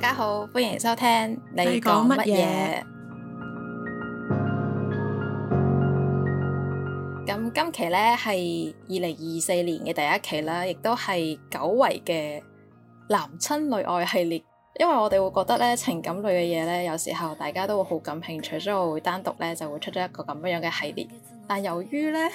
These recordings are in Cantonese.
大家好，歡迎收聽你講乜嘢？咁今期咧係二零二四年嘅第一期啦，亦都係久違嘅男親女愛系列。因為我哋會覺得咧情感類嘅嘢咧，有時候大家都會好感興趣，所以我會單獨咧就會出咗一個咁樣樣嘅系列。但由於咧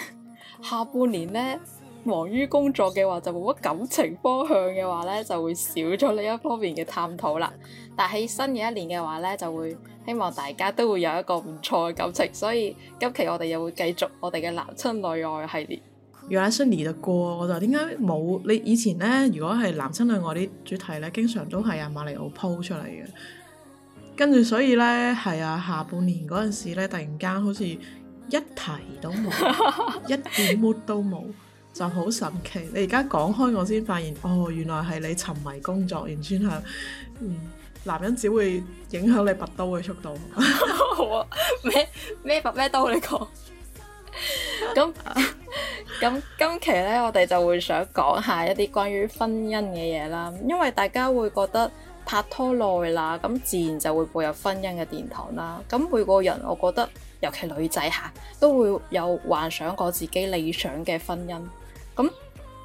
下半年咧。忙於工作嘅話就冇乜感情方向嘅話呢，就會少咗呢一方面嘅探討啦。但喺新嘅一年嘅話呢，就會希望大家都會有一個唔錯嘅感情。所以今期我哋又會繼續我哋嘅男親女愛系列。原來是你就歌，我就點解冇？你以前呢，如果係男親女愛啲主題呢，經常都係阿瑪利奧鋪出嚟嘅。跟住所以呢，係啊，下半年嗰陣時呢，突然間好似一題都冇， 一點乜都冇。就好神奇。你而家講開，我先發現哦，原來係你沉迷工作，完全係男人只會影響你拔刀嘅速度。好啊， 咩咩拔咩刀你講？咁 咁、嗯嗯、今期呢，我哋就會想講一下一啲關於婚姻嘅嘢啦。因為大家會覺得拍拖耐啦，咁自然就會步入婚姻嘅殿堂啦。咁每個人，我覺得尤其女仔嚇、啊、都會有幻想過自己理想嘅婚姻。咁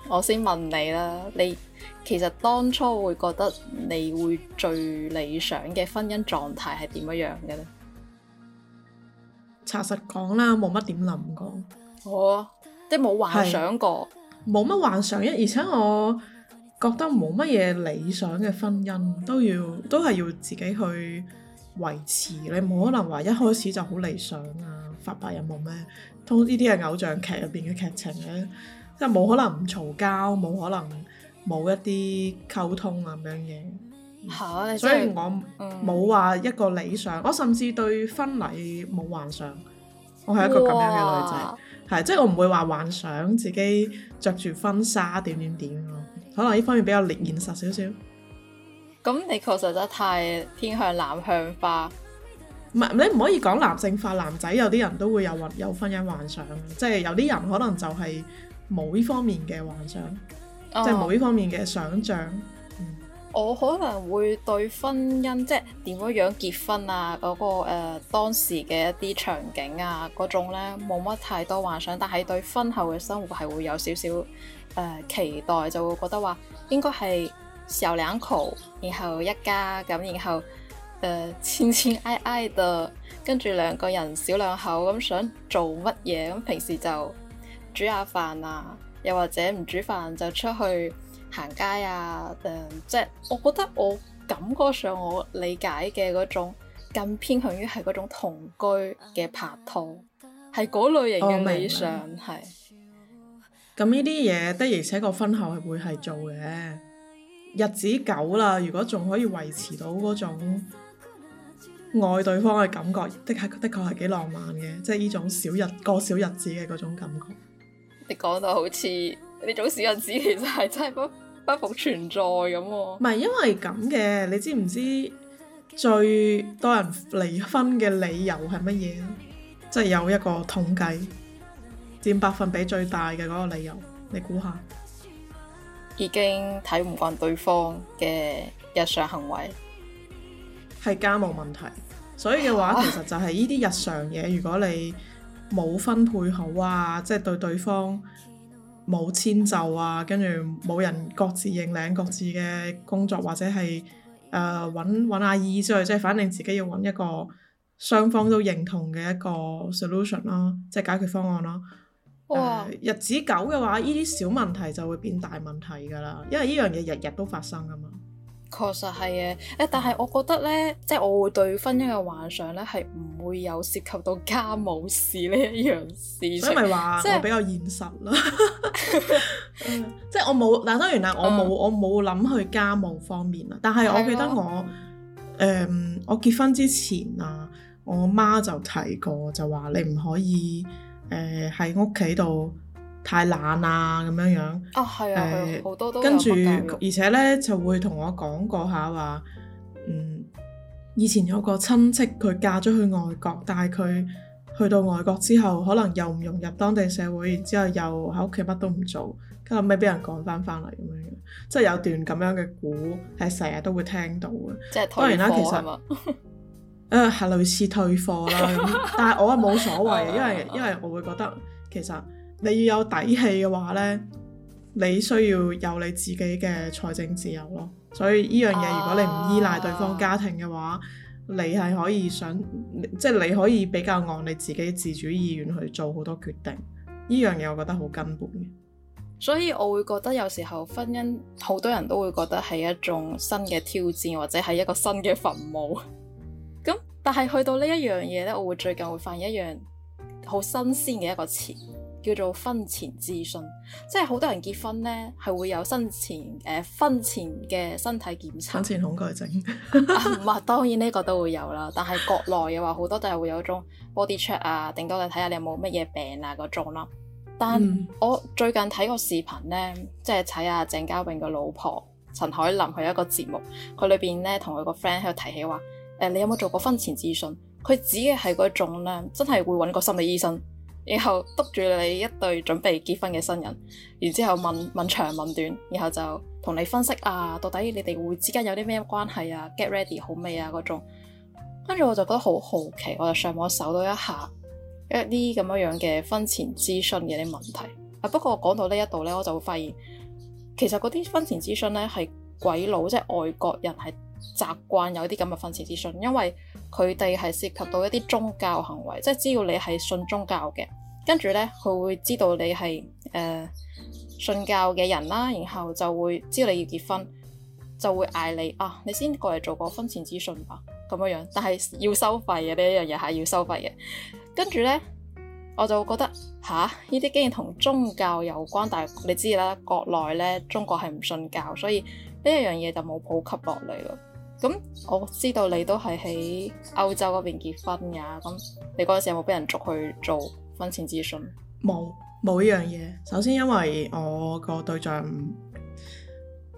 我先問你啦，你其實當初會覺得你會最理想嘅婚姻狀態係點樣樣嘅咧？查實講啦，冇乜點諗過，我、哦、即冇幻想過，冇乜幻想，而且我覺得冇乜嘢理想嘅婚姻都要，都係要自己去維持，你冇可能話一開始就好理想啊，發白日夢咩？通呢啲係偶像劇入邊嘅劇情咧。即係冇可能唔嘈交，冇可能冇一啲溝通啊咁樣嘢。嚇！所以我冇話一個理想，我甚至對婚禮冇幻想。我係一個咁樣嘅女仔，係即係我唔會話幻想自己著住婚紗點點點咯。可能呢方面比較現實少少。咁你確實得太偏向男向化。唔係，你唔可以講男性化，男仔，有啲人都會有幻有婚姻幻想嘅，即係有啲人可能就係。冇呢方面嘅幻想，啊、即係冇呢方面嘅想象。嗯、我可能會對婚姻即係點樣樣結婚啊，嗰、嗰個誒、呃、當時嘅一啲場景啊，嗰種呢冇乜太多幻想，但係對婚後嘅生活係會有少少誒期待，就會覺得話應該係小兩口，然後一家咁，然後誒親親愛愛嘅，跟住兩個人小兩口咁想做乜嘢，咁平時就，煮下飯啊，又或者唔煮飯就出去行街啊。誒，即係我覺得我感覺上我理解嘅嗰種，更偏向於係嗰種同居嘅拍拖，係嗰類型嘅理想係。咁呢啲嘢的，而且個婚後係會係做嘅日子久啦。如果仲可以維持到嗰種愛對方嘅感覺，的係的確係幾浪漫嘅，即係呢種小日過小日子嘅嗰種感覺。你講到好似呢種小日子其實係真係不不復存在咁喎。唔係因為咁嘅，你知唔知最多人離婚嘅理由係乜嘢？即係有一個統計，佔百分比最大嘅嗰個理由，你估下？已經睇唔慣對方嘅日常行為，係家務問題。所以嘅話，啊、其實就係呢啲日常嘢，如果你冇分配好啊，即係對對方冇遷就啊，跟住冇人各自認領各自嘅工作，或者係誒揾揾阿姨之類，即係反正自己要揾一個雙方都認同嘅一個 solution 咯，即係解決方案咯。哇、哦呃！日子久嘅話，呢啲小問題就會變大問題噶啦，因為呢樣嘢日日都發生噶嘛。確實係嘅，誒，但係我覺得咧，即係我會對婚姻嘅幻想咧，係唔會有涉及到家務事呢一樣事，所以咪話我比較現實咯。即係是 我冇，但當然啦，我冇，我冇諗去家務方面啊。但係我記得我誒、嗯呃，我結婚之前啊，我媽就提過，就話你唔可以誒喺屋企度。呃太懶啊，咁樣樣啊，係啊，好多都跟住，而且咧就會同我講過下話，嗯，以前有個親戚佢嫁咗去外國，但係佢去到外國之後，可能又唔融入當地社會，之後又喺屋企乜都唔做，跟後尾俾人趕翻翻嚟咁樣，即係有段咁樣嘅故係成日都會聽到嘅。即係退貨係嘛？誒係嗎、呃、類似退貨啦， 但係我啊冇所謂， 因為，因為，因為，因為我會覺得其實。你要有底氣嘅話呢，你需要有你自己嘅財政自由咯。所以呢樣嘢，如果你唔依賴對方家庭嘅話，啊、你係可以想即係、就是、你可以比較按你自己自主意願去做好多決定。呢樣嘢我覺得好根本嘅，所以我會覺得有時候婚姻好多人都會覺得係一種新嘅挑戰，或者係一個新嘅墳墓。咁 但係去到呢一樣嘢呢，我會最近會發現一樣好新鮮嘅一個詞。叫做婚前諮詢，即係好多人結婚咧，係會有婚前嘅身體檢查。婚前，婚前恐懼症唔係、 嗯、當然呢個都會有啦，但係國內嘅話好多都係會有種 body check 啊，頂多你睇下你有冇乜嘢病啊嗰種啦。但我最近睇個視頻咧，即係睇下鄭嘉穎嘅老婆陳凱琳佢一個節目，佢裏邊咧同佢個 friend 喺度提起話誒、呃，你有冇做過婚前諮詢？佢指嘅係嗰種咧，真係會揾個心理醫生，然後督住你一對準備結婚嘅新人，然之後問問長問短，然後就同你分析啊，到底你哋會之間有啲咩關係啊？Get ready 好未啊？嗰種，跟住我就覺得好好奇，我就上網搜到一下一啲咁樣樣嘅婚前諮詢嘅啲問題啊。不過講到呢一度呢，我就會發現其實嗰啲婚前諮詢呢係鬼佬即係外國人係。習慣有啲咁嘅婚前諮詢，因為佢哋係涉及到一啲宗教行為，即係只要你係信宗教嘅，跟住呢，佢會知道你係誒、呃、信教嘅人啦，然後就會知道你要結婚，就會嗌你啊，你先過嚟做個婚前諮詢吧咁樣樣，但係要收費嘅呢一樣嘢係要收費嘅。跟住呢，我就覺得吓呢啲竟然同宗教有關，但係你知啦，國內呢，中國係唔信教，所以呢一樣嘢就冇普及落嚟咯。咁我知道你都係喺歐洲嗰邊結婚㗎，咁你嗰陣時有冇俾人捉去做婚前諮詢？冇冇呢樣嘢。首先，因為我個對象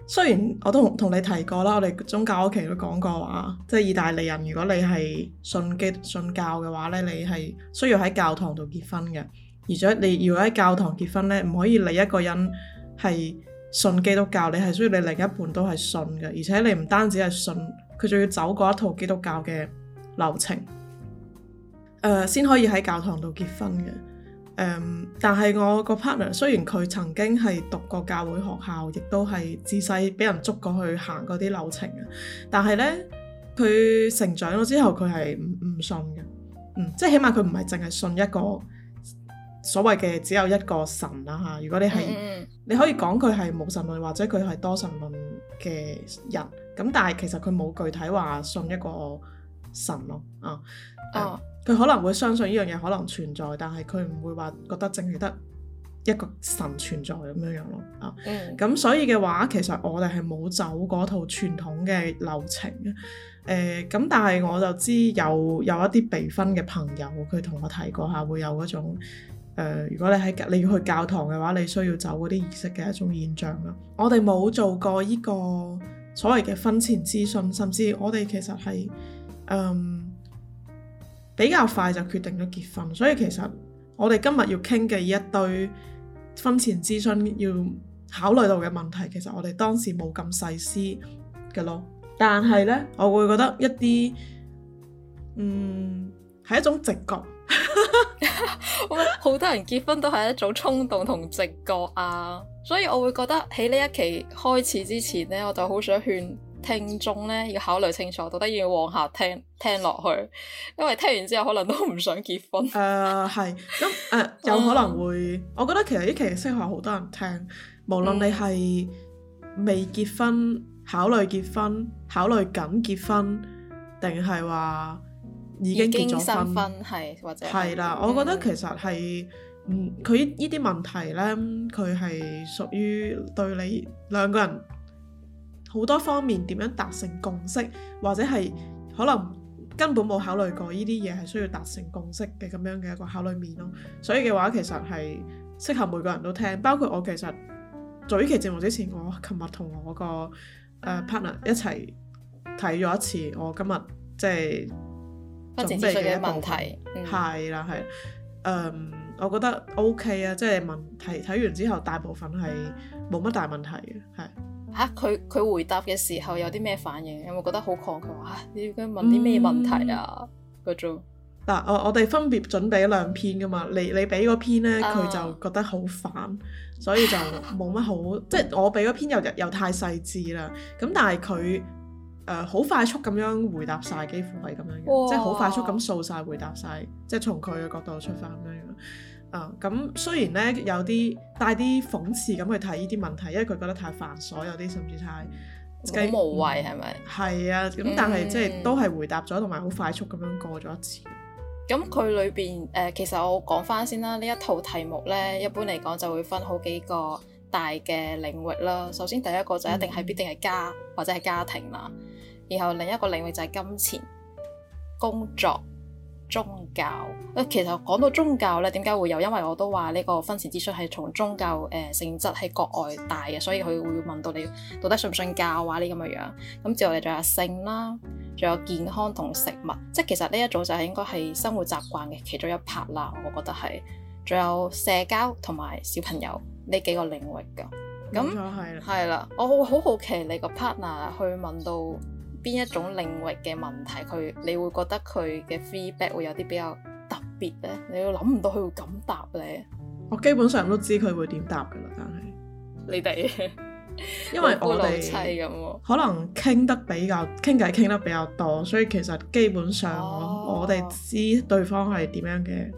雖然我都同，同你提過啦，我哋宗教屋企都講過話，即係意大利人，如果你係信基信教嘅話咧，你係需要喺教堂度結婚嘅，而且你如果喺教堂結婚咧，唔可以你一個人係。信基督教，你係需要你另一半都係信嘅，而且你唔單止係信，佢仲要走嗰一套基督教嘅流程，誒、呃、先可以喺教堂度結婚嘅、呃。但係我個 partner 雖然佢曾經係讀過教會學校，亦都係自細俾人捉過去行嗰啲流程，但係呢，佢成長咗之後，佢係唔唔信嘅、嗯。即係起碼佢唔係淨係信一個。所謂嘅只有一個神啦嚇。如果你係、嗯、你可以講佢係無神論，或者佢係多神論嘅人咁，但係其實佢冇具體話信一個神咯。啊佢、哦啊、可能會相信呢樣嘢可能存在，但係佢唔會話覺得淨係得一個神存在咁樣樣咯。啊，咁、嗯、所以嘅話，其實我哋係冇走嗰套傳統嘅流程誒。咁、啊、但係我就知有有一啲備婚嘅朋友，佢同我提過下會有嗰種。誒、呃，如果你喺你要去教堂嘅話，你需要走嗰啲儀式嘅一種現象啦。我哋冇做過呢個所謂嘅婚前諮詢，甚至我哋其實係嗯比較快就決定咗結婚，所以其實我哋今日要傾嘅一堆婚前諮詢要考慮到嘅問題，其實我哋當時冇咁細思嘅咯。但係呢，我會覺得一啲嗯係、嗯、一種直覺。我覺得好多人結婚都係一種衝動同直覺啊，所以我會覺得喺呢一期開始之前呢，我就好想勸聽眾呢要考慮清楚，到底要往下聽聽落去，因為聽完之後可能都唔想結婚。誒、呃，係咁、呃、有可能會， 嗯、我覺得其實呢期適合好多人聽，無論你係未結婚、考慮結婚、考慮緊結婚，定係話。已經結咗婚係，或者係啦。我覺得其實係，嗯，佢呢啲問題呢，佢係屬於對你兩個人好多方面點樣達成共識，或者係可能根本冇考慮過呢啲嘢係需要達成共識嘅，咁樣嘅一個考慮面咯。所以嘅話，其實係適合每個人都聽，包括我。其實做呢期節目之前，我琴日同我個、uh, partner 一齊睇咗一次。我今日即係。準備嘅問題，係啦係，誒、嗯，um, 我覺得 OK 啊，即、就、係、是、問題睇完之後，大部分係冇乜大問題嘅，係。嚇佢佢回答嘅時候有啲咩反應？有冇覺得好抗拒？話、啊、你要該問啲咩問題啊？嗰、嗯、種。啊、我我哋分別準備兩篇噶嘛，你你俾嗰篇咧，佢、啊、就覺得好煩，所以就冇乜好， 即係我俾嗰篇又又又太細緻啦，咁但係佢。誒好、呃、快速咁樣回答晒，幾乎係咁樣嘅哇，即係好快速咁掃晒回答晒，即係從佢嘅角度出發咁樣樣。嗯、啊，咁雖然咧有啲帶啲諷刺咁去睇呢啲問題，因為佢覺得太繁瑣，有啲甚至太好無謂係咪？係啊，咁但係、嗯、即係都係回答咗，同埋好快速咁樣過咗一次。咁佢裏邊誒，其實我講翻先啦，呢一套題目咧，一般嚟講就會分好幾個大嘅領域啦。首先第一個就一定係必定係家或者係家庭啦。然後另一個領域就係金錢、工作、宗教。誒，其實講到宗教咧，點解會有？因為我都話呢個婚前諮詢係從宗教誒、呃、性質喺國外帶嘅，所以佢會問到你到底信唔信教啊？呢咁嘅樣咁之後，我哋仲有性啦，仲有健康同食物，即係其實呢一組就係應該係生活習慣嘅其中一 part 啦。我覺得係仲有社交同埋小朋友呢幾個領域㗎。咁係啦，我好好奇你個 partner 去問到。邊一種領域嘅問題，佢你會覺得佢嘅 feedback 會有啲比較特別咧？你會諗唔到佢會咁答咧？我基本上都知佢會點答噶啦，但係你哋們，因為我哋 可能傾得比較傾偈，傾得比較多，所以其實基本上、哦、我哋知對方係點樣嘅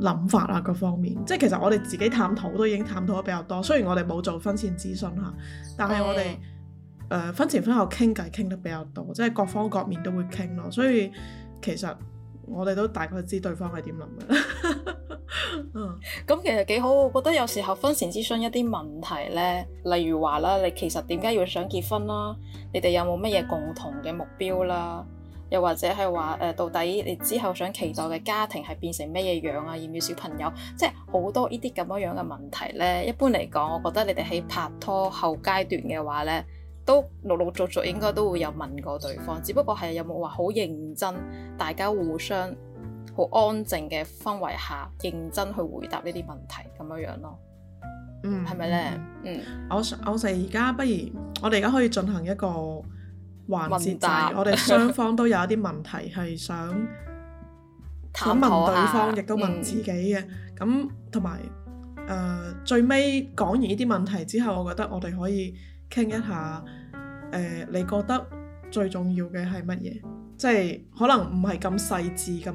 諗法啊，各方面，即係其實我哋自己探討都已經探討得比較多。雖然我哋冇做婚前諮詢吓，但係我哋。嗯誒、呃、婚前婚後傾偈傾得比較多，即係各方各面都會傾咯，所以其實我哋都大概知對方係點諗嘅。 嗯，咁其實幾好，我覺得有時候婚前諮詢一啲問題咧，例如話啦，你其實點解要想結婚啦？你哋有冇乜嘢共同嘅目標啦？又或者係話誒，到底你之後想期待嘅家庭係變成乜嘢樣啊？要唔要小朋友？即係好多呢啲咁樣樣嘅問題咧。一般嚟講，我覺得你哋喺拍拖後階段嘅話咧，都陸陸續續應該都會有問過對方，只不過係有冇話好認真，大家互相好安靜嘅氛圍下，認真去回答呢啲問題，咁樣樣咯。嗯，係咪咧？嗯，我我哋而家不如，我哋而家可以進行一個環節，就係答我哋雙方都有一啲問題，係 想探問對方，亦都問自己嘅。咁同埋誒，最尾講完呢啲問題之後，我覺得我哋可以。傾一下，誒，你覺得最重要嘅係乜嘢？即係可能唔係咁細緻咁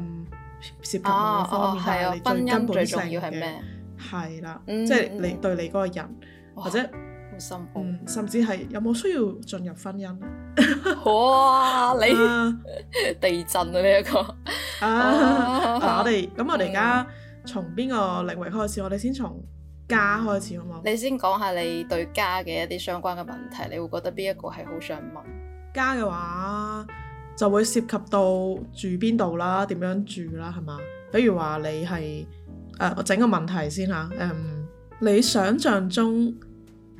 涉及嗰個方面下，你、啊啊、最根本最重要係咩？係啦、啊，即係你對你嗰個人，或者好深，嗯，甚至係有冇需要進入婚姻？ 哇！你地震啊呢一個啊！我哋，咁我哋而家從邊個領域開始？我哋先從，嗯家開始好冇？你先講下你對家嘅一啲相關嘅問題，你會覺得邊一個係好想問？家嘅話就會涉及到住邊度啦、點樣住啦，係嘛？比如話你係誒、呃，我整個問題先嚇。嗯，你想象中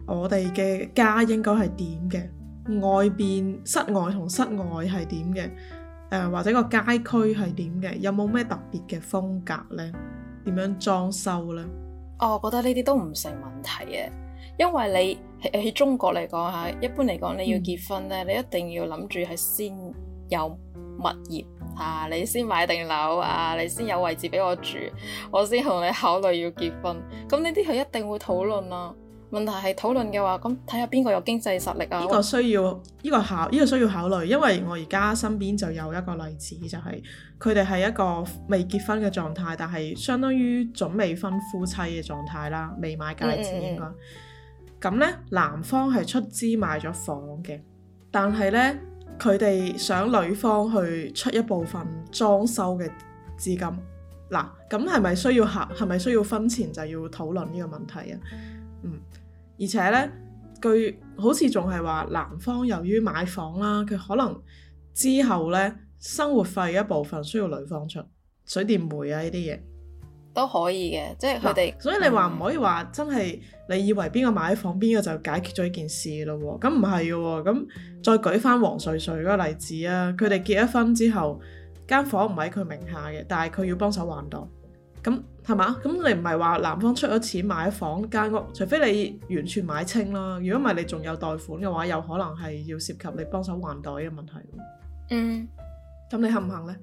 我哋嘅家應該係點嘅？外邊室外同室外係點嘅？誒、呃、或者個街區係點嘅？有冇咩特別嘅風格呢？點樣裝修呢？我覺得呢啲都唔成問題嘅，因為你喺中國嚟講，一般嚟講，你要結婚呢，嗯、你一定要諗住係先有物業啊，你先買定樓啊，你先有位置畀我住，我先同你考慮要結婚。咁呢啲係一定會討論啊。問題係討論嘅話，咁睇下邊個有經濟實力啊？呢個需要呢個考，呢個需要考慮。因為我而家身邊就有一個例子，就係佢哋係一個未結婚嘅狀態，但係相當於準未婚夫妻嘅狀態啦，未買戒指嗯嗯嗯應該。咁呢，男方係出資買咗房嘅，但係呢，佢哋想女方去出一部分裝修嘅資金。嗱，咁係咪需要考？係咪需要婚前就要討論呢個問題啊？嗯。而且呢，佢好似仲係話男方由於買房啦，佢可能之後呢，生活費一部分需要女方出，水電煤啊呢啲嘢都可以嘅，即係佢哋。所以你話唔、嗯、可以話真係，你以為邊個買房邊個就解決咗呢件事咯，咯？咁唔係嘅，咁再舉翻黃穗穗嗰個例子啊，佢哋結咗婚之後，間房唔喺佢名下嘅，但係佢要幫手還貸。咁係嘛？咁你唔係話男方出咗錢買房間屋，除非你完全買清啦。如果唔係，你仲有貸款嘅話，有可能係要涉及你幫手還貸嘅問題。嗯，咁你肯唔肯呢？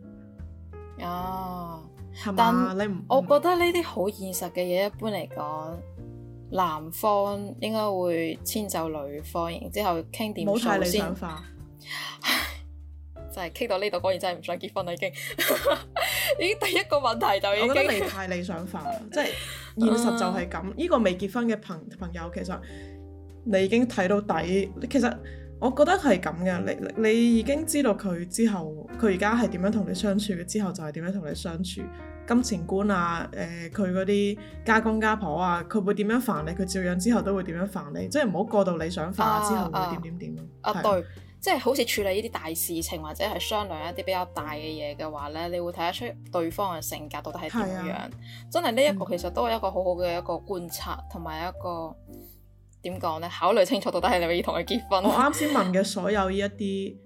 哦，係嘛？你我覺得呢啲好現實嘅嘢，一般嚟講，男方應該會遷就女方，然之後傾掂晒你冇想法，就係傾到呢度，果然真係唔想結婚啦，已經。 已經第一個問題就已經我覺得你太理想化啦， 即係現實就係咁。呢、uh、個未結婚嘅朋朋友其實你已經睇到底，其實我覺得係咁嘅，你你已經知道佢之後佢而家係點樣同你相處，嘅，之後就係點樣同你相處。金錢觀啊，誒佢嗰啲家公家婆啊，佢會點樣煩你，佢照樣之後都會點樣煩你，即係唔好過度理想化，之後 ah, ah，會點點點。啊、ah, 是 ah, 對。即係好似處理呢啲大事情，或者係商量一啲比較大嘅嘢嘅話呢，你會睇得出對方嘅性格到底係點樣？啊、真係呢一個其實都係一個好好嘅一個觀察同埋、嗯、一個點講呢，考慮清楚到底係咪要同佢結婚？我啱先問嘅所有呢一啲，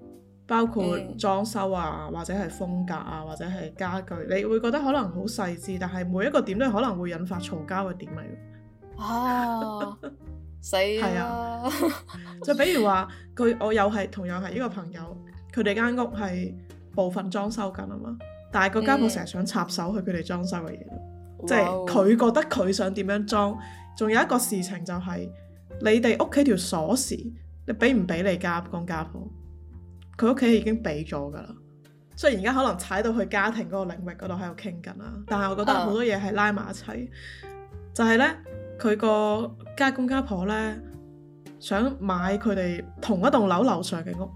包括裝修啊，或者係風格啊，或者係家具，嗯、你會覺得可能好細緻，但係每一個點都可能會引發嘈交嘅點嚟嘅。啊 係死啊，啊，就比如話，佢我又係同樣係呢個朋友，佢哋間屋係部分裝修緊啊嘛，但係個家婆成日想插手去佢哋裝修嘅嘢，嗯、即係佢覺得佢想點樣裝。仲有一個事情就係、是，你哋屋企條鎖匙，你俾唔俾你家公家婆？佢屋企已經俾咗噶啦，雖然而家可能踩到去家庭嗰個領域嗰度喺度傾緊啦。但係我覺得好多嘢係拉埋一齊，啊、就係咧。佢個家公家婆咧，想買佢哋同一棟樓樓上嘅屋，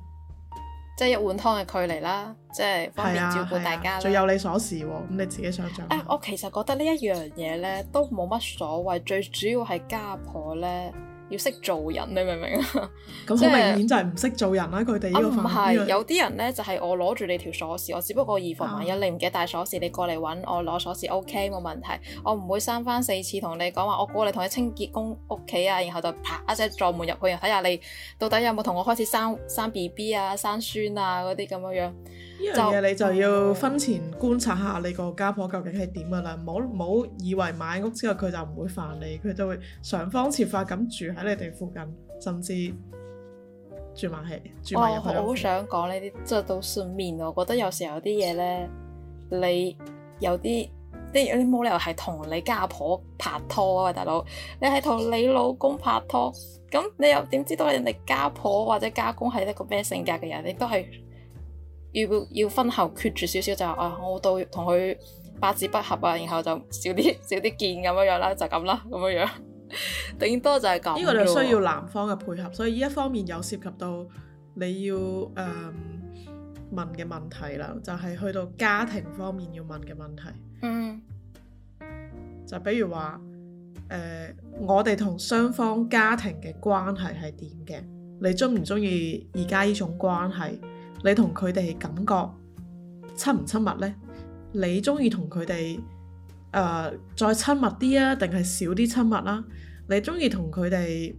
即係一碗湯嘅距離啦，即係方便照顧大家，啊啊。最有你鎖匙喎，咁你自己想像。啊、哎，我其實覺得呢一樣嘢咧都冇乜所謂，最主要係家婆咧。要識做人，你明唔明是啊？咁好明顯就係唔識做人啦！佢哋唔係有啲人咧，就係、是、我攞住你條鎖匙，我只不過以防萬一你唔記得帶鎖匙，你過嚟揾我攞鎖匙，OK 冇問題。我唔會三番四次同你講話，我過嚟同你清潔工屋企啊，然後就啪一聲撞門入去，然後睇下你到底有冇同我開始生生 BB 啊、生孫啊嗰啲咁樣樣。呢樣嘢你就要婚前觀察下你個家婆究竟係點嘅啦，唔好唔好以為買屋之後佢就唔會煩你，佢就會想方設法咁住喺你哋附近，甚至住埋起住埋入去、哦、我好想講呢啲，即係到算面，我覺得有時候啲嘢咧，你有啲即係有啲冇理由係同你家婆拍拖啊，大佬，你係同你老公拍拖，咁你又點知道人哋家婆或者家公係一個咩性格嘅人？你都係。要要婚後決住少少就啊，我到同佢八字不合啊，然後就少啲少啲見咁樣樣啦，就咁啦，咁樣樣，頂多就係咁。呢個就需要男方嘅配合，所以呢一方面有涉及到你要誒、呃、問嘅問題啦，就係、是、去到家庭方面要問嘅問題。嗯，就比如話誒、呃，我哋同雙方家庭嘅關係係點嘅？你中唔中意而家呢種關係？你同佢哋感覺親唔親密呢？你中意同佢哋誒再親密啲啊，定係少啲親密啦？你中意同佢哋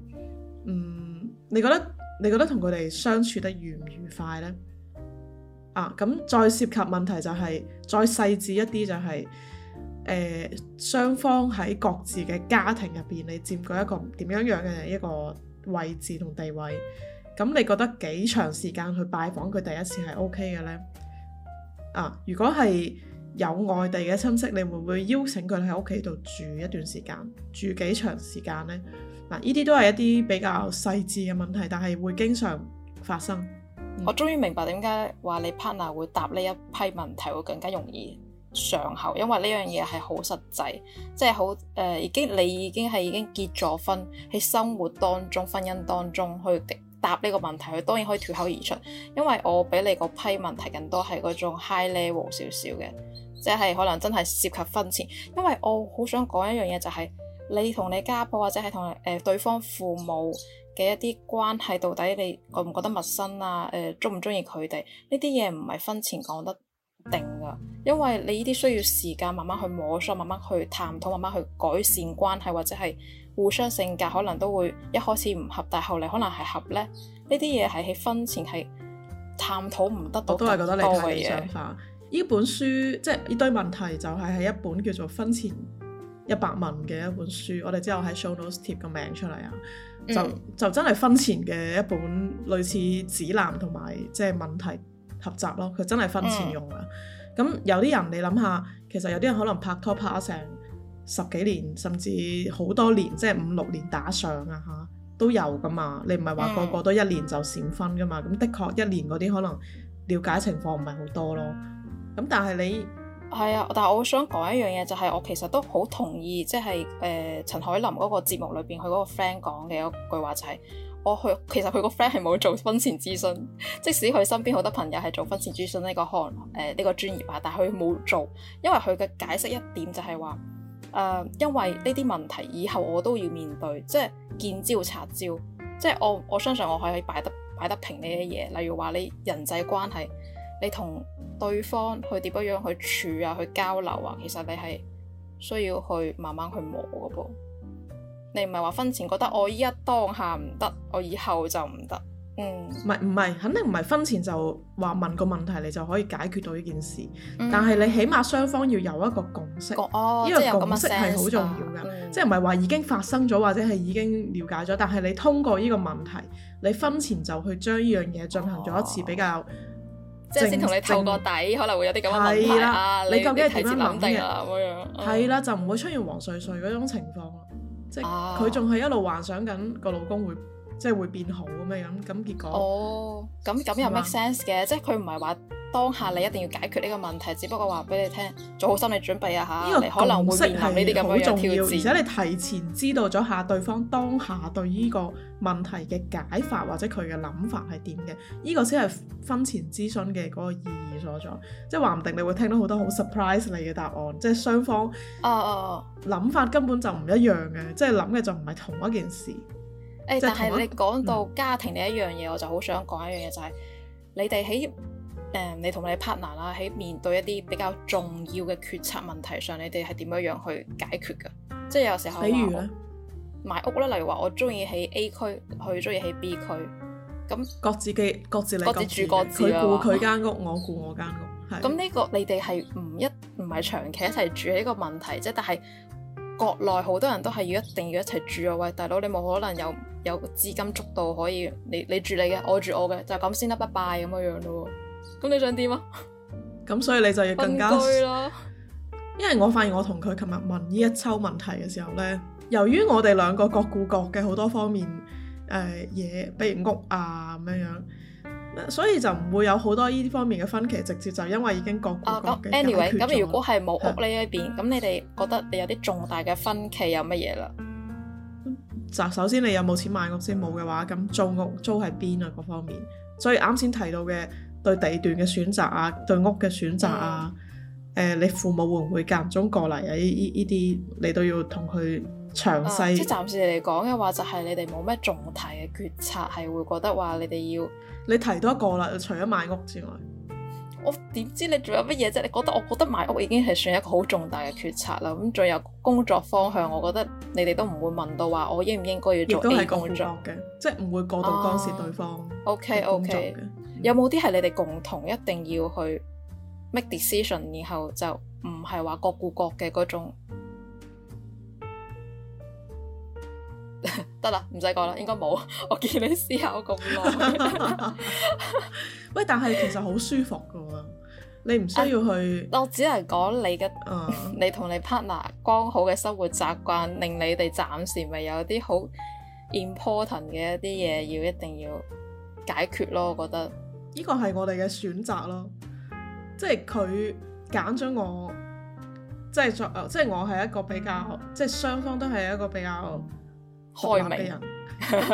嗯？你覺得你覺得同佢哋相處得愉唔愉快呢？啊，咁再涉及問題就係，再細緻一啲就係誒雙方喺各自嘅家庭入邊，你佔據一個點樣樣嘅一個位置同地位。咁你覺得幾長時間去拜訪佢第一次係 OK 嘅呢？啊，如果係有外地嘅親戚，你會唔會邀請佢喺屋企度住一段時間？住幾長時間呢？嗱、啊，呢啲都係一啲比較細緻嘅問題，但係會經常發生。嗯、我終於明白點解話你 partner 會答呢一批問題會更加容易上口，因為呢樣嘢係好實際，即係好誒，已經你已經係已經結咗婚喺生活當中、婚姻當中去。答呢個問題，佢當然可以脫口而出，因為我俾你嗰批問題更多係嗰種 high level 少少嘅，即係可能真係涉及婚前。因為我好想講一樣嘢，就係、是、你同你家婆或者係同誒對方父母嘅一啲關係，到底你覺唔覺得陌生啊？誒、呃，中唔中意佢哋？呢啲嘢唔係婚前講得定㗎，因為你呢啲需要時間慢慢去摸索、慢慢去探討、慢慢去改善關係或者係。互相性格可能都會一開始唔合，但係後嚟可能係合咧。呢啲嘢係喺婚前係探討唔得到，都係覺得你太理想化。呢 本書即係呢堆問題，就係喺一本叫做《婚前一百問》嘅一本書。我哋之後喺 show notes 貼個名出嚟啊、嗯，就就真係婚前嘅一本類似指南同埋即係問題合集咯。佢真係婚前用啊。咁、嗯、有啲人你諗下，其實有啲人可能拍拖拍啊成。十幾年甚至好多年，即係五六年打上啊嚇，都有㗎嘛。你唔係話個個都一年就閃婚㗎嘛？咁、嗯、的確一年嗰啲可能了解情況唔係好多咯。咁但係你係啊，但係我想講一樣嘢就係、是，我其實都好同意，即係誒陳凱琳嗰個節目裏邊佢嗰個 friend 講嘅一句話就係、是，我去其實佢個 friend 係冇做婚前諮詢，即使佢身邊好多朋友係做婚前諮詢呢、這個行誒呢個專業啊，但係佢冇做，因為佢嘅解釋一點就係話。誒，uh，因為呢啲問題以後我都要面對，即係見招拆招，即係我我相信我可以擺得擺得平呢啲嘢。例如話你人際關係，你同對方去點樣去處啊，去交流啊，其實你係需要去慢慢去磨嘅噃。你唔係話婚前覺得我依家當下唔得，我以後就唔得。嗯，唔係唔係，肯定唔係婚前就話問個問題你就可以解決到呢件事，但係你起碼雙方要有一個共識，呢個共識係好重要噶，即係唔係話已經發生咗或者係已經了解咗，但係你通過呢個問題，你婚前就去將呢樣嘢進行咗一次比較，即係先同你透個底，可能會有啲咁樣，係啦，你究竟係點樣諗嘅？啊？咁係啦，就唔會出現黃碎碎嗰種情況，即係佢仲係一路幻想緊個老公會。即係會變好咁樣咁，結果哦，咁咁又 make sense 嘅嗎，即係佢唔係話當下你一定要解決呢個問題，只不過話俾你聽做好心理準備啊嚇，呢個可能會適合你哋嘅好重要，而且你提前知道咗下對方當下對呢個問題嘅解法或者佢嘅諗法係點嘅，呢、呢個先係婚前諮詢嘅嗰個意義所在。即係話唔定你會聽到好多好 surprise 你嘅答案，即係雙方哦諗、oh, oh, oh. 法根本就唔一樣嘅，即係諗嘅就唔係同一件事。誒，但係你講到家庭呢一樣嘢，嗯、我就好想講一樣嘢，就係、是、你哋喺誒，你同你 partner 啦，喺面對一啲比較重要嘅決策問題上，你哋係點樣樣去解決㗎？即係有時候例如買屋啦，例如話我中意喺 A 區，佢中意喺 B 區，咁各自嘅各自，各自住各自佢顧佢間屋，啊、我顧我間屋。咁呢、呢個你哋係唔一唔係長期一齊住呢個問題，即但係。國內好多人都係要一定要一齊住啊！喂，大佬你冇可能有有資金足到可以，你你住你嘅，我住我嘅，就咁先啦，拜拜，咁樣樣咯。咁你想點啊？咁所以你就要更加。分居咯。因為我發現我同佢琴日問呢一抽問題嘅時候呢，由於我哋兩個各顧各嘅好多方面誒嘢，比如屋啊咁樣樣。所以就唔會有好多呢啲方面嘅分歧，直接就因為已經各 Anyway 咁，啊、way, 了如果係冇屋呢一邊咁，嗯、你哋覺得你有啲重大嘅分歧有乜嘢啦？就首先你有冇錢買屋先？冇嘅話，咁租屋租喺邊啊？各方面，所以啱先提到嘅對地段嘅選擇啊，對屋嘅選擇啊，誒、嗯呃，你父母會唔會間中過嚟啊？呢呢啲你都要同佢詳細。啊、即係暫時嚟講嘅話，就係、是、你哋冇咩重大嘅決策，係會覺得話你哋要。你提到一個啦，除咗買屋之外，我點知你仲有乜嘢啫？你覺得，我覺得買屋已經係算一個好重大嘅決策啦。咁仲有工作方向，我覺得你哋都唔會問到話我應唔應該要做 A 工作嘅，作即係唔會過度干涉對方。OK，OK，有冇啲係你哋共同一定要去 make decision，然後就唔係話各顧各嘅嗰種？得啦，唔使講啦，應該冇。我見你思考咁耐，喂，但係其實好舒服噶喎。你唔需要去，啊、我只係講你嘅，啊、你同你 partner 剛好嘅生活習慣，令你哋暫時咪有啲好 important 嘅一啲嘢要，要一定要解決咯。我覺得呢個係我哋嘅選擇咯，即係佢揀咗我，即係作，即係我係一個比較，嗯、即係雙方都係一個比較。嗯開明嘅 人，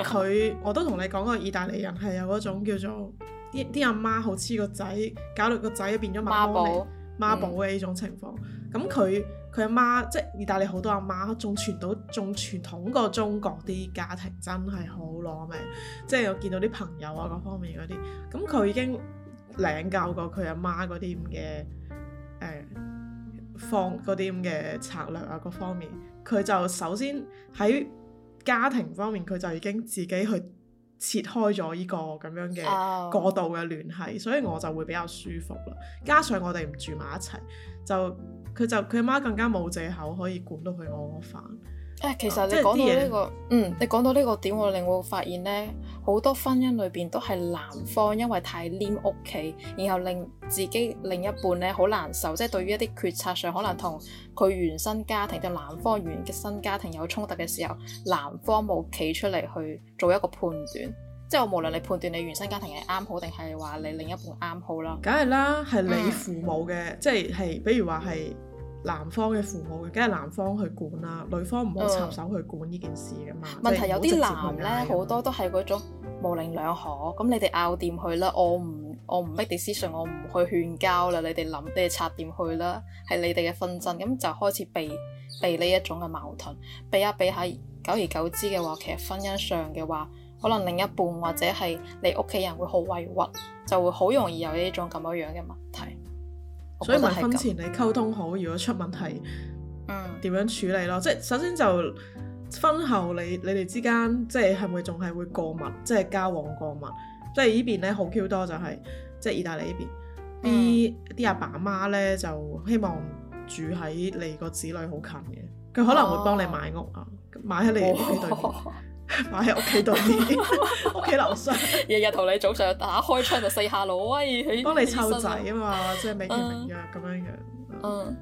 佢我都同你講過意大利人係有嗰種叫做啲啲阿媽好似個仔，搞到個仔變咗媽媽寶媽寶嘅呢種情況。咁佢佢阿媽即係意大利好多阿媽，媽，仲傳到仲傳統過中國啲家庭，真係好攞命。即係我見到啲朋友啊，各方面嗰啲，咁佢已經領教過佢阿媽嗰啲咁嘅誒放嗰啲咁嘅策略啊，各方面，佢就首先喺家庭方面，佢就已經自己去切開咗呢個咁樣嘅過度嘅聯繫，oh. 所以我就會比較舒服啦。加上我哋唔住埋一齊，就佢就佢阿媽更加冇藉口可以管到佢我我其實你講到呢、這個，啊、嗯，你講到呢個點，我令我發現呢好多婚姻裏邊都係男方因為太黏屋企，然後令自己另一半咧好難受，即係對於一啲決策上，可能同佢原生家庭，就男方原嘅生家庭有衝突嘅時候，男方冇企出嚟去做一個判斷，即係我無論你判斷你原生家庭係啱好定係話你另一半啱好啦，梗係啦，係你父母嘅，啊、即係係，比如話係。男方嘅父母梗係男方去管啦，女方唔好插手去管呢件事㗎嘛。問題有啲男呢，好吧多都係嗰種模棱兩可，咁你哋拗掂佢啦，我唔我唔逼你思想，我唔去勸交啦，你哋諗你哋插掂佢啦，係你哋嘅紛爭，咁就開始避避呢一種嘅矛盾，避一避下，久而久之嘅話，其實婚姻上嘅話，可能另一半或者係你屋企人會好委屈，就會好容易有呢一種咁樣樣嘅問題。所以咪婚前你溝通好，如果出問題，點樣處理咯？嗯、即係首先就婚後你你哋之間即係係咪仲係會過密，即係交往過密？即係呢邊咧好 Q 多就係、是、即係意大利邊、嗯、呢邊啲啲阿爸阿媽咧就希望住喺離個子女好近嘅，佢可能會幫你買屋啊，哦、買喺你屋企對面。哦埋喺屋企度，屋企樓上，日日同你早上打開窗就四下攞威，幫你湊仔啊嘛，嗯、即係美其名曰咁樣樣。嗯嗯，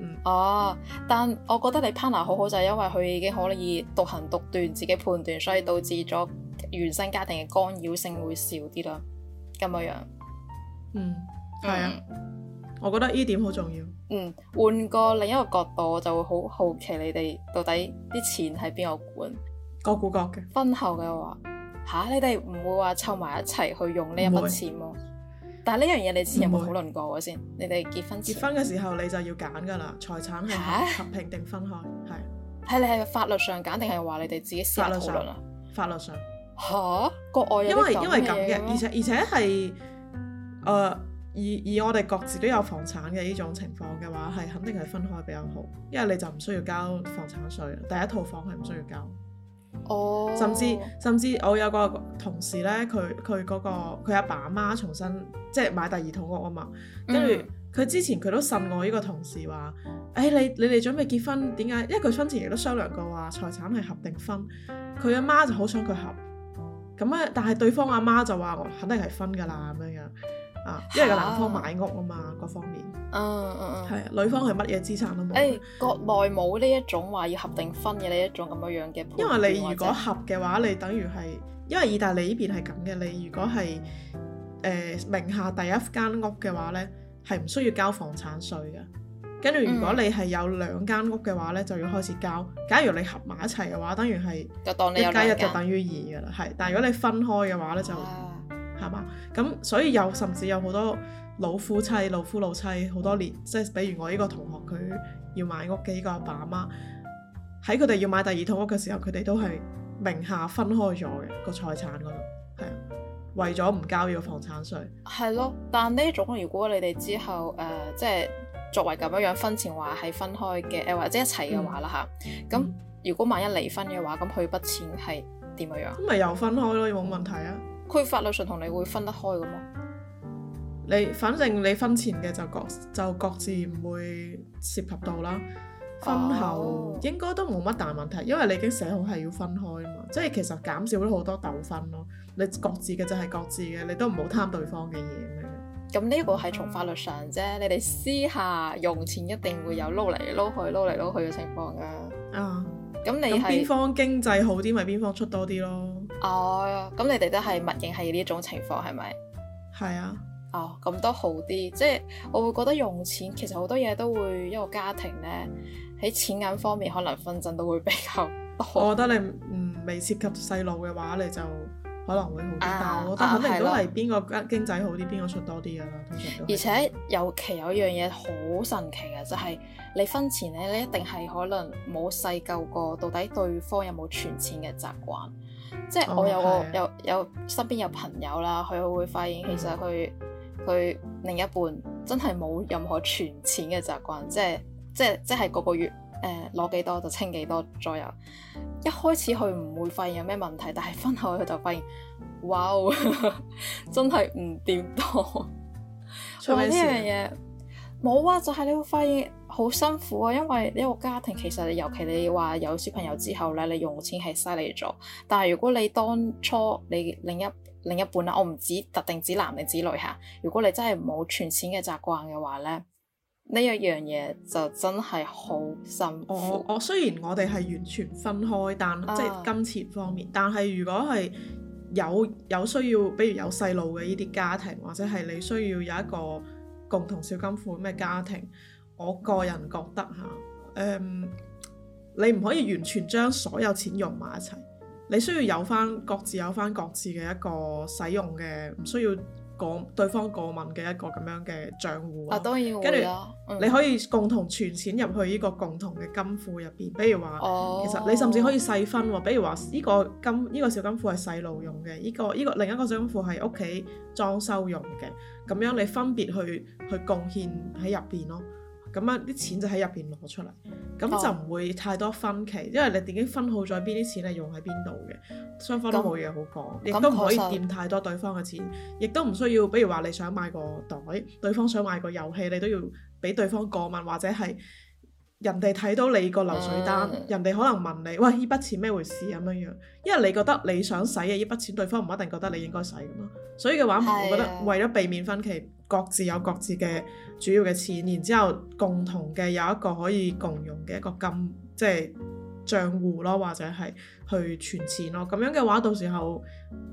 嗯哦，但我覺得你 partner 好好就係因為佢已經可以獨行獨斷，自己判斷，所以導致咗原生家庭嘅干擾性會少啲啦。咁樣樣，嗯，係啊、嗯嗯，我覺得呢點好重要。嗯，換個另一個角度，我就會好好奇你哋到底啲錢喺邊個管。各古各嘅婚後嘅話，吓、啊、你哋唔會話湊埋一齊去用呢一筆錢咯。會但係呢樣嘢你之前有冇討論過先？會你哋結婚結婚嘅時候你就要揀噶啦，財產係合併定分開？係係你係法律上揀定係話你哋自己私底下討論？法律上吓、啊、國外因為因為咁嘅的，而且而且係誒而以我哋各自都有房產嘅呢種情況嘅話，係肯定係分開比較好，因為你就唔需要交房產稅，第一套房係唔需要交。哦，oh。甚至甚至我有個同事咧，佢佢嗰個佢阿爸阿媽重新即係買第二套屋啊嘛，跟住佢之前佢都信我呢個同事話，誒、哎、你你哋準備結婚點解？因為佢婚前亦都商量過話財產係合定分，佢阿媽就好想佢合，咁啊，但係對方阿媽就話我肯定係分㗎啦咁樣樣。啊，因為個男方買屋啊嘛，啊各方面，嗯嗯嗯，係、嗯，女方係乜嘢資產都冇。誒、哎，國內冇呢一種話要合定分嘅呢一種咁嘅樣嘅。因為你如果合嘅話，你等於係，因為意大利呢邊係咁嘅，你如果係誒、呃、名下第一間屋嘅話咧，係唔需要交房產稅嘅。跟住如果你係有兩間屋嘅話咧，嗯、就要開始交。假如你合埋一齊嘅話，等於係就當你一加一就等於二噶啦，係。但係如果你分開嘅話咧，嗯、就。嗯係嘛？咁所以有甚至有好多老夫妻、老夫老妻好多年，即係比如我呢個同學佢要買屋嘅呢個阿爸阿媽，喺佢哋要買第二套屋嘅時候，佢哋都係名下分開咗嘅個財產嗰度，係啊，為咗唔交要房產稅。係咯，但呢一種如果你哋之後誒、呃，即係作為咁樣樣婚前話係分開嘅，誒或者一齊嘅話啦吓，咁、嗯嗯、如果萬一離婚嘅話，咁佢筆錢係點樣樣？咁咪又分開咯，嗯嗯嗯嗯嗯、有冇問題啊？佢法律上同你會分得開噶嘛？你反正你婚前嘅就各就各自唔會涉及到啦。婚後應該都冇乜大問題，因為你已經寫好係要分開啊嘛。即係其實減少咗好多糾紛咯。你各自嘅就係各自嘅，你都唔好貪對方嘅嘢。咁呢個係從法律上啫，你哋私下用錢一定會有撈嚟撈去、撈嚟撈去嘅情況噶。嗯、啊。咁邊方經濟好啲，咪邊方出多啲咯。哦，咁你哋都係默認係呢種情況係咪？係啊。哦，咁都好啲，即係我會覺得用錢其實好多嘢都會一個家庭呢喺錢銀方面可能分爭都會比較多。我覺得你唔、嗯、未涉及細路嘅話，你就可能會好啲。啊、但係我覺得、啊啊、肯定都係邊個家經濟好啲，邊個出多啲㗎喇。通常而且尤其有樣嘢好神奇嘅就係、是。你婚前咧，你一定係可能冇細究過到底對方有冇存錢嘅習慣。即係我有個、嗯、有有、有身邊有朋友啦，佢會發現其實佢佢、嗯、另一半真係冇任何存錢嘅習慣。即係即即係個個月誒攞幾多就清幾多左右。一開始佢唔會發現有咩問題，但係婚後佢就發現，哇！ 真係唔掂檔，同埋呢樣嘢冇啊，就係你會發現。好辛苦啊，因為一個家庭其實尤其你話有小朋友之後咧，你用錢係犀利咗。但係如果你當初你另一另一半啦，我唔止特定指男定指女吓，如果你真係冇存錢嘅習慣嘅話咧，呢一樣嘢就真係好辛苦。我，我雖然我哋係完全分開，但、啊、即係金錢方面，但係如果係有有需要，比如有細路嘅呢啲家庭，或者係你需要有一個共同小金庫咩家庭？我個人覺得嚇，誒、嗯，你唔可以完全將所有錢用埋一齊，你需要有翻各自有翻各自嘅一個使用嘅，唔需要講對方過問嘅一個咁樣嘅賬戶啊。當然會啦，跟住你可以共同存錢入去呢個共同嘅金庫入邊。比如話，哦、其實你甚至可以細分喎，比如話呢個金依、呢個小金庫係細路用嘅，呢、呢個依、呢個另一個小金庫係屋企裝修用嘅，咁樣你分別去去貢獻喺入邊咯。咁樣啲錢就喺入邊攞出嚟，咁、嗯、就唔會太多分歧，嗯、因為你已經分好咗邊啲錢係用喺邊度嘅，雙方都冇嘢好講，亦、嗯、都唔可以掂太多對方嘅錢，亦都唔需要，嗯、比如話你想買個袋，對方想買個遊戲，你都要俾對方過問或者係。人哋睇到你個流水單，mm. 人哋可能問你：喂，依筆錢咩回事咁樣樣？因為你覺得你想使嘅依筆錢對方唔一定覺得你應該使㗎嘛。所以嘅話，mm. 我覺得為咗避免分歧，各自有各自嘅主要嘅錢，然之後共同嘅有一個可以共用嘅一個金，即係。賬戶咯，或者係去存錢咯，咁樣嘅話，到時候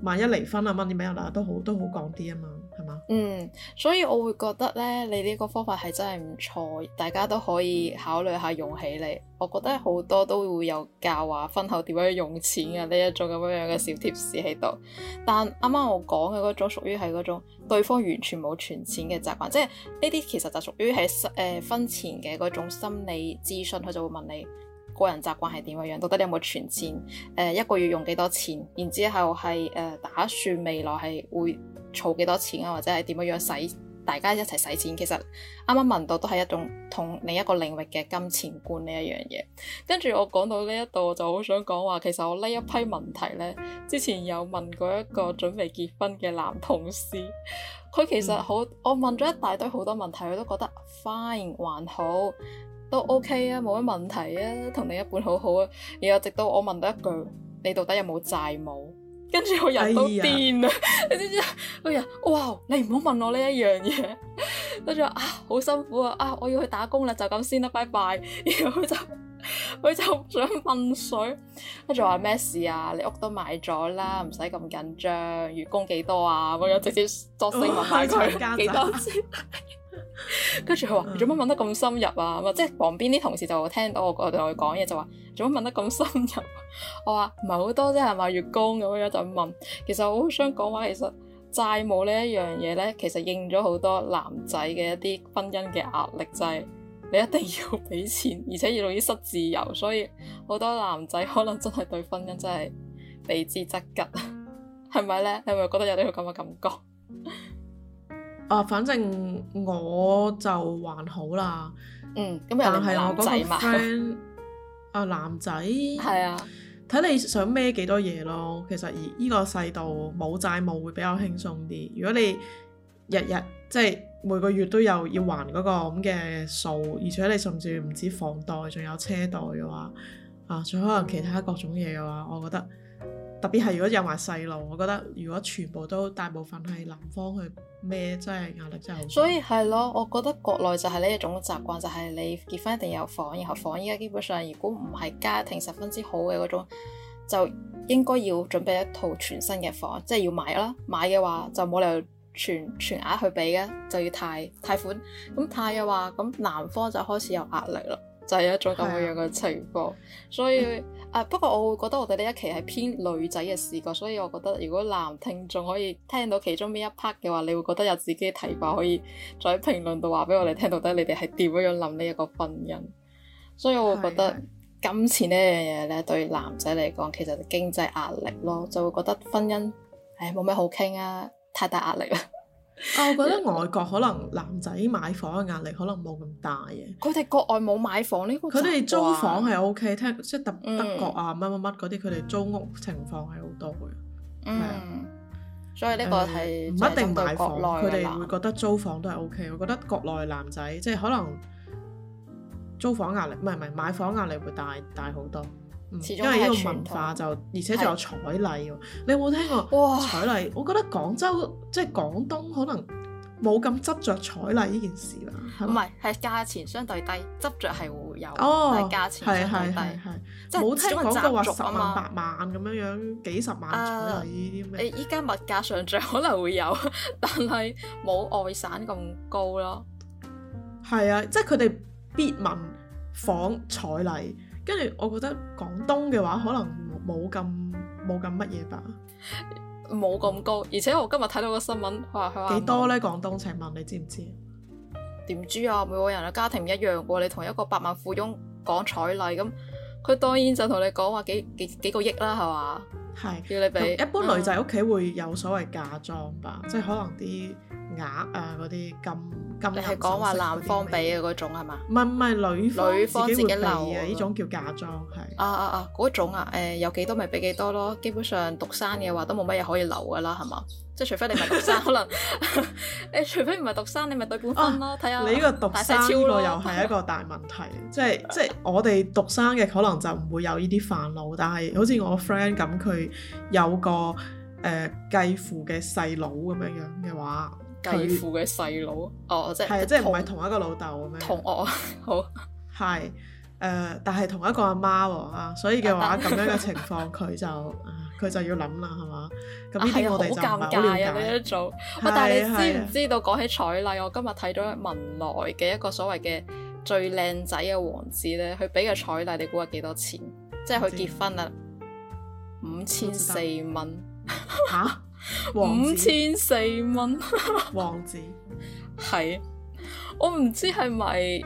萬一離婚啊，乜啲咩啊都好，都好講啲啊嘛，係嘛？嗯，所以我會覺得咧，你呢個方法係真係唔錯，大家都可以考慮下用起嚟。我覺得好多都會有教話婚後點樣用錢啊，呢一種咁樣樣嘅小貼士喺度。但啱啱我講嘅嗰種屬於係嗰種對方完全冇存錢嘅習慣，即係呢啲其實就屬於係誒婚前嘅嗰種心理諮詢，佢就會問你。個人習慣係點嘅樣？到底你有冇存錢？誒、呃，一個月用幾多錢？然之後係誒、呃，打算未來係會儲幾多錢啊？或者係點嘅樣使？大家一齊使錢，其實啱啱問到都係一種同另一個領域嘅金錢觀呢一樣嘢。跟住我講到呢一度，我就好想講話，其實我呢一批問題呢，之前有問過一個準備結婚嘅男同事，佢其實好，嗯、我問咗一大堆好多問題，佢都覺得 fine，還好。都 OK 啊，冇乜問題啊，同你一半好好啊。然後直到我問到一句，你到底有冇債務？跟住我人都癲啊，哎、呀 你知唔知？嗰日哇，你唔好問我呢一樣嘢。跟住話啊，好辛苦啊，啊，我要去打工啦，就咁先啦、啊，拜拜。然後佢就佢就想問水，跟住話咩事啊？你屋都買咗啦，唔使咁緊張。月供幾多啊？嗯、我樣直接作聲問翻佢幾多先次。 跟住佢話做乜問得咁深入啊？即係旁邊啲同事就聽到我我同佢講嘢，就話做乜問得咁深入啊？我話唔係好多啫，係咪月供咁樣就問？其實我好想講話，其實債務呢一樣嘢呢，其實應咗好多男仔嘅一啲婚姻嘅壓力，就係你一定要俾錢，而且要用於失自由，所以好多男仔可能真係對婚姻真係避之則吉啊。係 咪呢？你係咪覺得有呢個咁嘅感覺？ 啊，反正我就還好啦、嗯。嗯，咁但係我個 friend 嘛？啊，男仔。係啊，睇你想孭幾多嘢咯。其實而呢個世道冇債務會比較輕鬆啲。如果你日日即係、就是、每個月都有要還嗰個咁嘅數，而且你甚至唔止房貸，仲有車貸嘅話，啊，仲可能其他各種嘢嘅話，嗯、我覺得。特別係如果有埋細路，我覺得如果全部都大部分係男方去孭，真係壓力真係好。所以係咯，我覺得國內就係呢一種習慣，就係、是、你結婚一定有房，然後房依家基本上如果唔係家庭十分之好嘅嗰種，就應該要準備一套全新嘅房，即、就、係、是、要買啦。買嘅話就冇理由全全額去俾嘅，就要貸貸款。咁貸嘅話，咁男方就開始有壓力啦，就係、是、一種咁樣嘅情況。了所以。 誒、啊，不過我會覺得我哋呢一期係偏女仔嘅視覺，所以我覺得如果男聽眾可以聽到其中邊一 part 嘅話，你會覺得有自己嘅睇法，可以在評論度話俾我哋聽，到底你哋係點樣諗呢一個婚姻？所以我會覺得金錢的呢樣嘢咧，對男仔嚟講，其實經濟壓力咯，就會覺得婚姻，唉、哎，冇咩好傾啊，太大壓力啦。啊，我覺得外國可能男仔買房嘅壓力可能冇咁大嘅。佢哋國外冇買房呢個話，佢哋租房係 OK，聽即係德德國啊乜乜乜嗰啲，佢哋租屋情況係好多嘅。嗯，嗯所以呢個係唔、呃、即係唔一定買房，佢哋會覺得租房都係 OK。我覺得國內男仔即係可能租房壓力，唔係唔係買房壓力會大大好多。因為一個文化就，而且仲有彩禮喎。是你有冇聽過哇彩禮？我覺得廣州即係廣東可能冇咁執着彩禮呢件事啦。唔係，係價錢相對低，執着係會有。哦，價錢相對低，係。冇是聽講過話十萬、八萬咁樣樣，幾十萬彩禮呢啲咩？誒、啊，依家物價上漲可能會有，但係冇外省咁高咯。係啊，即係佢哋必問房彩禮。跟住，我覺得廣東嘅話可能冇咁冇咁乜嘢吧，冇咁高。而且我今日睇到個新聞，話佢話幾多呢？廣東，請問你知唔知？點知啊，每個人嘅家庭唔一樣喎、啊，你同一個百萬富翁講彩禮咁，佢當然就同你講話幾幾幾個億啦，係嘛？係叫是你俾一般女仔屋企會有所謂嫁妝吧，即係可能啲額啊嗰啲金。你係講話男方俾嘅嗰種係嘛？唔係唔係女方自己留嘅。呢種叫嫁妝係。啊啊啊！嗰種啊，誒、欸、有幾多咪俾幾多咯。基本上獨生嘅話都冇乜嘢可以留㗎啦，係嘛？即係除非你唔係獨生， 可能 你除非唔係獨生，你咪對半分咯。睇、啊、下你呢個獨生呢個又係一個大問題。即係即係我哋獨生嘅可能就唔會有呢啲煩惱，但係好似我 friend 咁，佢有個誒、呃、繼父嘅細佬咁樣樣嘅話。繼父嘅細佬，哦，即係，即係唔係同一個老豆咁樣？同我？好，係，誒，但係同一個阿媽喎，啊，所以嘅話咁樣嘅情況，佢就佢就要諗啦，係嘛？咁呢個我哋唔係好了解呢一種。但係你知唔知道？講起彩禮，我今日睇咗文萊嘅一個所謂嘅最靚仔嘅王子咧，佢俾嘅彩禮你估係幾多錢？即係佢結婚啊，五千四蚊。吓？五千四蚊， 王子係 我唔知係咪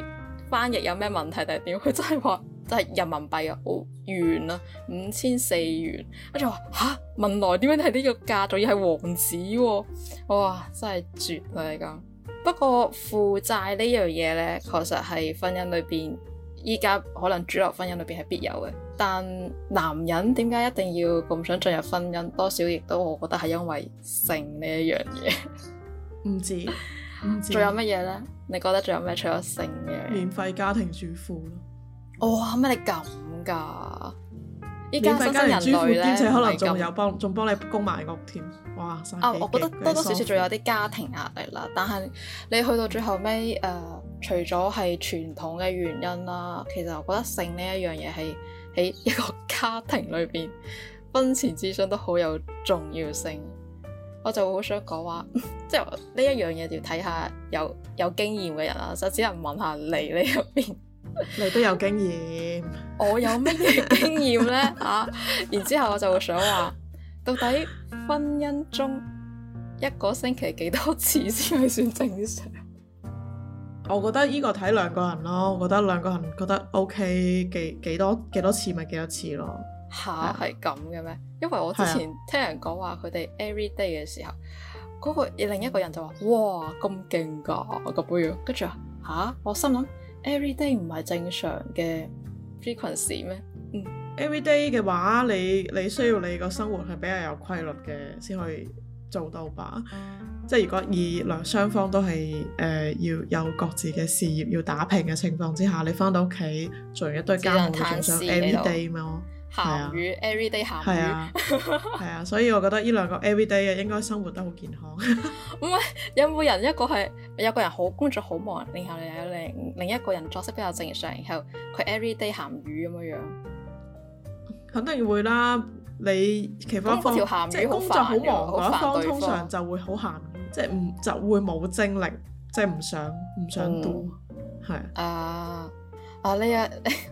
翻譯有咩問題定係點？佢真係話真係人民幣啊，元、哦、啊，五千四元。我就話，吓，文萊點樣係呢個價？仲要係王子、啊，哇，真係絕啊！你家不過負債呢樣嘢咧，確實係婚姻裏邊依家可能主流婚姻裏邊係必有嘅。但男人點解一定要咁想進入婚姻？多少亦都我覺得係因為性呢一樣嘢。唔 知，仲有乜嘢呢？你覺得仲有咩除咗性嘅？免費家庭主婦咯。哇，乜你咁噶？依家人類呢，兼且可能仲有幫，仲幫你供埋屋添。哇！我覺得多多少少仲有啲家庭壓力啦。但係你去到最後尾。誒、呃。除咗係傳統嘅原因啦，其實我覺得性呢一樣嘢係喺一個家庭裏邊婚前諮詢都好有重要性。我就好想講話， 即係呢一樣嘢就要睇下有有經驗嘅人啦，就只能問下你呢一邊，你都有經驗。 我有咩經驗呢？」吓、 啊，然之後我就會想話，到底婚姻中一個星期幾多次先係算正常？我覺得呢個睇兩個人咯，我覺得兩個人覺得 O、OK, K 幾幾多幾多次咪幾多次咯。嚇係咁嘅咩？啊、因為我之前聽人講話佢哋 every day 嘅時候，嗰、啊、個另一個人就話：哇咁勁㗎，咁樣跟住啊嚇、啊！我心諗 every day 唔係正常嘅 frequency 咩？嗯，every day 嘅話，你你需要你個生活係比較有規律嘅，先可以做到吧。即係如果二兩雙方都係誒要有各自嘅事業要打拼嘅情況之下，你翻到屋企做一堆家務仲想 every day 麼？鹹魚 every day 鹹魚。係啊，係啊，所以我覺得呢兩個 every day 嘅應該生活得好健康。唔係有冇人一個係有個人好工作好忙，然後又有另另一個人作息比較正常，然後佢 every day 鹹魚咁樣樣，肯定會啦。你其中一方即係工作好忙嗰一方，通常就會好鹹。即係唔就會冇精力，即係唔想唔想 do，係、嗯、是啊啊呢一、啊、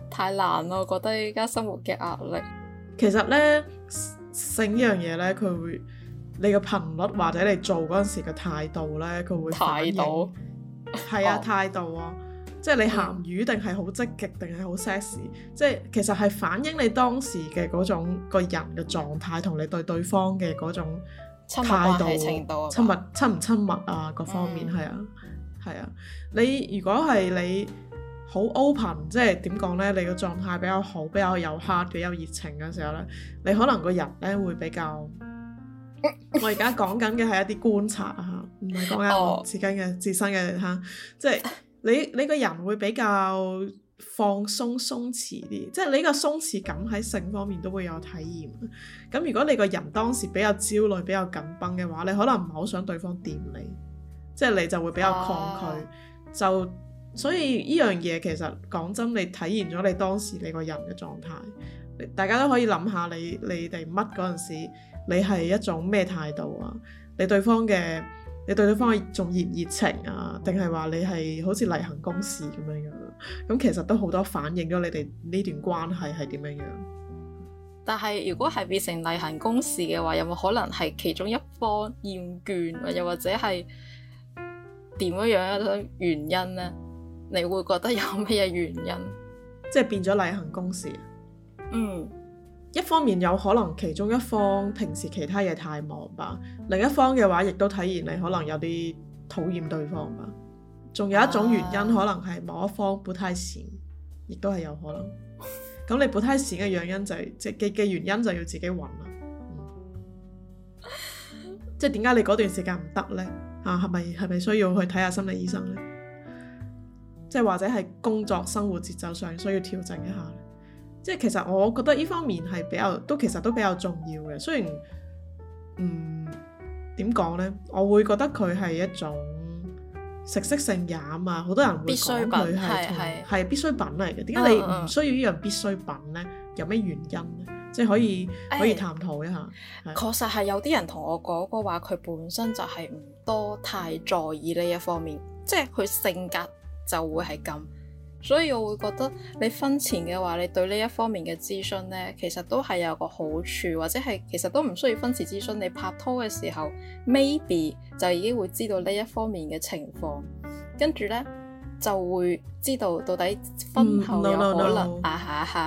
太難咯，我覺得依家生活嘅壓力。其實咧性依樣嘢咧，佢會你嘅頻率或者你做嗰陣時嘅態度咧，佢會睇到，係態度啊態度啊， 即係你鹹魚定係好積極定係好 sexy，即係其實係反映你當時嘅嗰種、嗰個人嘅狀態同你對對方嘅嗰種。態度、親密、親唔親密啊，嗯、各方面係、嗯、啊，係啊。你如果係你好 open，即係點講呢？你個狀態比較好，比較有 heart，比較熱情嘅時候呢，你可能個人呢會比較。 我而家講緊嘅係一啲觀察啊，唔係講緊我自己嘅、oh. 自身嘅嚇，即係你你個人會比較。放鬆鬆弛啲，即係你個鬆弛感喺性方面都會有體驗。咁如果你個人當時比較焦慮、比較緊繃嘅話，你可能唔係好想對方掂你，即係你就會比較抗拒。啊、就所以呢樣嘢其實講真，你體現咗你當時你個人嘅狀態，大家都可以諗下你你哋乜嗰陣時，你係一種咩態度啊？你對方嘅。你對對方仲熱唔熱情啊？定係話你係好似例行公事咁樣樣咁，其實都好多反映咗你哋呢段關係係點樣樣。但係如果係變成例行公事嘅話，有冇可能係其中一方厭倦，又或者係點樣樣原因呢？你會覺得有咩嘢原因？即係變咗例行公事。嗯。一方面有可能其中一方平時其他嘢太忙吧，另一方嘅話亦都體現你可能有啲討厭對方吧。仲有一種原因可能係某一方補太少，亦都係有可能。咁你補太少嘅原因就係即嘅嘅原因就要自己揾啦。即係點解你嗰段時間唔得咧？啊，係咪係咪需要去睇下心理醫生咧？即係或者係工作生活節奏上需要調整一下。即係其實我覺得呢方面係比較都其實都比較重要嘅，雖然，嗯，點講呢，我會覺得佢係一種食色性也啊嘛，好多人會講佢係係必需品嚟嘅。點解是你唔需要呢樣必需品呢？嗯、有咩原因呢？即係可以、嗯、可以探討一下。確、哎、是實係有啲人同我講過話，佢本身就係唔多太在意呢一方面，即係佢性格就會係咁。所以我會覺得你婚前嘅話，你對呢一方面嘅諮詢呢，其實都係有個好處，或者係其實都唔需要婚前諮詢。你拍拖嘅時候，maybe 就已經會知道呢一方面嘅情況，跟住呢就會知道到底婚後有冇可能，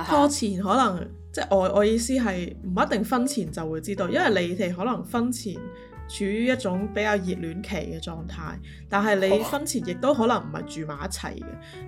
拖前可能，即係我我意思係唔一定婚前就會知道，因為你哋可能婚前。處於一種比較熱戀期嘅狀態，但係你婚前亦都可能唔係住埋一齊嘅。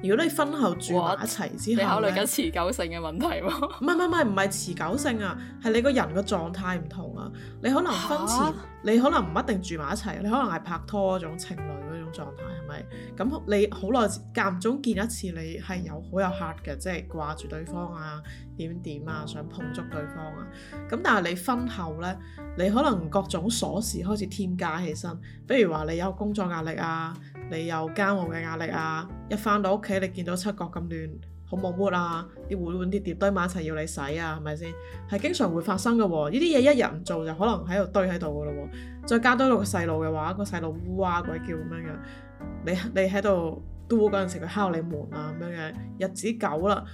如果你婚後住埋一齊之後，你考慮緊持久性嘅問題麼？唔係唔係唔係，持久性啊，係你個人嘅狀態唔同啊。你可能婚前，啊、你可能唔一定住埋一齊，你可能係拍拖嗰種情侶嗰種狀態。咪咁你好耐間唔中見一次，你係有好有客嘅，即係掛住對方啊，點點啊，想碰觸對方啊。咁但係你婚後呢，你可能各種瑣事開始添加起身，比如話你有工作壓力啊，你有家務嘅壓力啊，一翻到屋企你見到七國咁亂，好冇 mood 啊，啲碗碗碟碟堆埋一齊要你洗啊，係咪先？係經常會發生嘅喎、啊，呢啲嘢一日唔做就可能喺度堆喺度嘅咯。再加多一個細路嘅話，個細路哇鬼叫咁樣樣。你你喺度嘟嗰陣時佢敲你門啊咁樣樣日子久啦，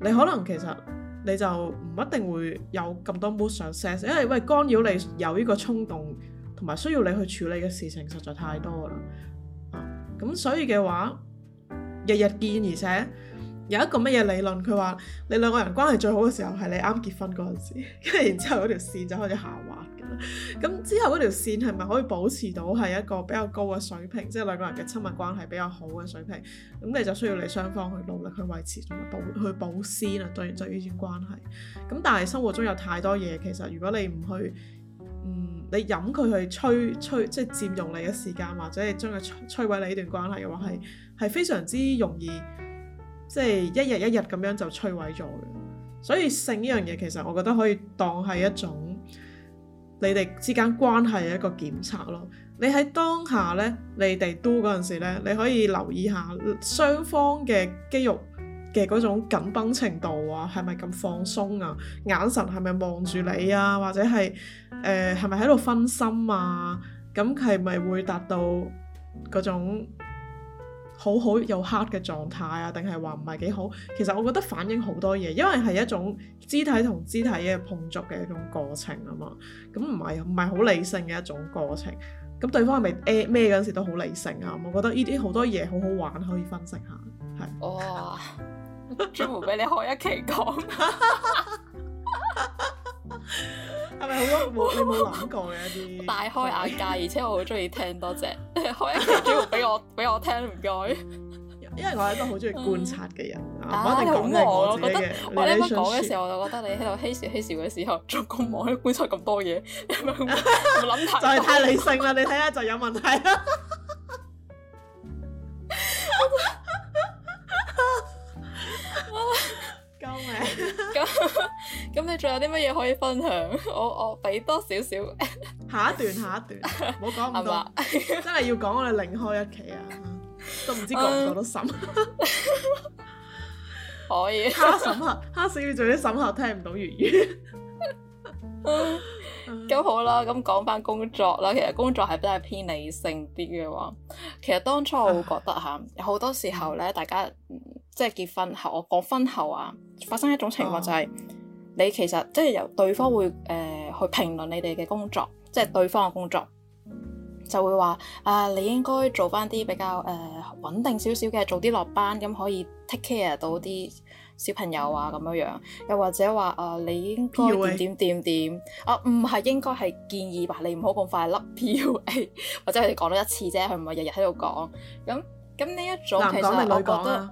你可能其實你就唔一定會有咁多 mood 上 set，因為喂干擾你有呢個衝動同埋需要你去處理嘅事情實在太多啦，啊咁所以嘅話日日見而且有一個乜嘢理論佢話你兩個人關係最好嘅時候係你啱結婚嗰陣時，跟住然之後嗰條線就開始下滑。咁 之後嗰條線係咪可以保持到係一個比較高嘅水平，即係兩個人嘅親密關係比較好嘅水平？咁你就需要你雙方去努力去維持同埋保去保鮮啦，當然對於呢段關係。咁但係生活中有太多嘢，其實如果你唔去，嗯、你引佢去摧摧，即係佔用你嘅時間，或者係將佢摧毀你呢段關係嘅話，係係非常之容易，即係一日一日咁樣就摧毀咗嘅。所以性呢樣嘢，其實我覺得可以當係一種。你哋之間關係嘅一個檢測咯，你喺當下呢，你哋 do 嗰陣時咧，你可以留意下雙方嘅肌肉嘅嗰種緊繃程度啊，係咪咁放鬆啊？眼神係咪望住你啊？或者係誒係咪喺度分心啊？咁係咪會達到嗰種好好又黑嘅狀態啊，定係話唔係幾好？其實我覺得反映好多嘢，因為係一種肢體同肢體嘅碰撞嘅一種過程啊嘛。咁唔係唔係好理性嘅一種過程。咁對方係咪誒咩嗰陣時都好理性啊？我覺得呢啲好多嘢好好玩，可以分析下。係哇，專門俾你開一期講。 係咪好多？你冇諗過嘅一啲， 大開眼界，而且我好中意聽多謝，開 一個節目俾我俾我聽，唔該。因為我係一個好中意觀察嘅人，我、 嗯、一定講嘅。 啊、你我呢集講嘅時候，我就覺得你喺度虛視虛視嘅時候，仲咁忙喺觀察咁多嘢，就係太理性啦！你睇下就有問題啦。咁咁， 嗯、你仲有啲乜嘢可以分享？我我俾多少少， 下一段下一段，唔好講唔到， 嗯、真係要講我哋另開一期啊！都唔知講唔講到審， 可以。 哈審核，哈審要做啲審核聽唔到粵語。咁 好啦，咁講翻工作啦。其實工作係比較偏理性啲嘅話，其實當初我會覺得吓，好唉多時候咧，大家即係結婚後，我講婚後啊。發生一種情況就係、是，oh. 你其實即係由對方會誒、呃、去評論你哋嘅工作，即係對方嘅工作，就會話啊，你應該做翻啲比較誒、呃、穩定少少嘅，早啲落班咁可以 take care 到啲小朋友啊咁樣樣，又或者話啊，你應該點點點點啊，唔係應該係建議吧？你唔好咁快甩 PUA， 或者佢哋講咗一次啫，佢唔係日日喺度講。咁咁呢一種其實,生其實我覺得。說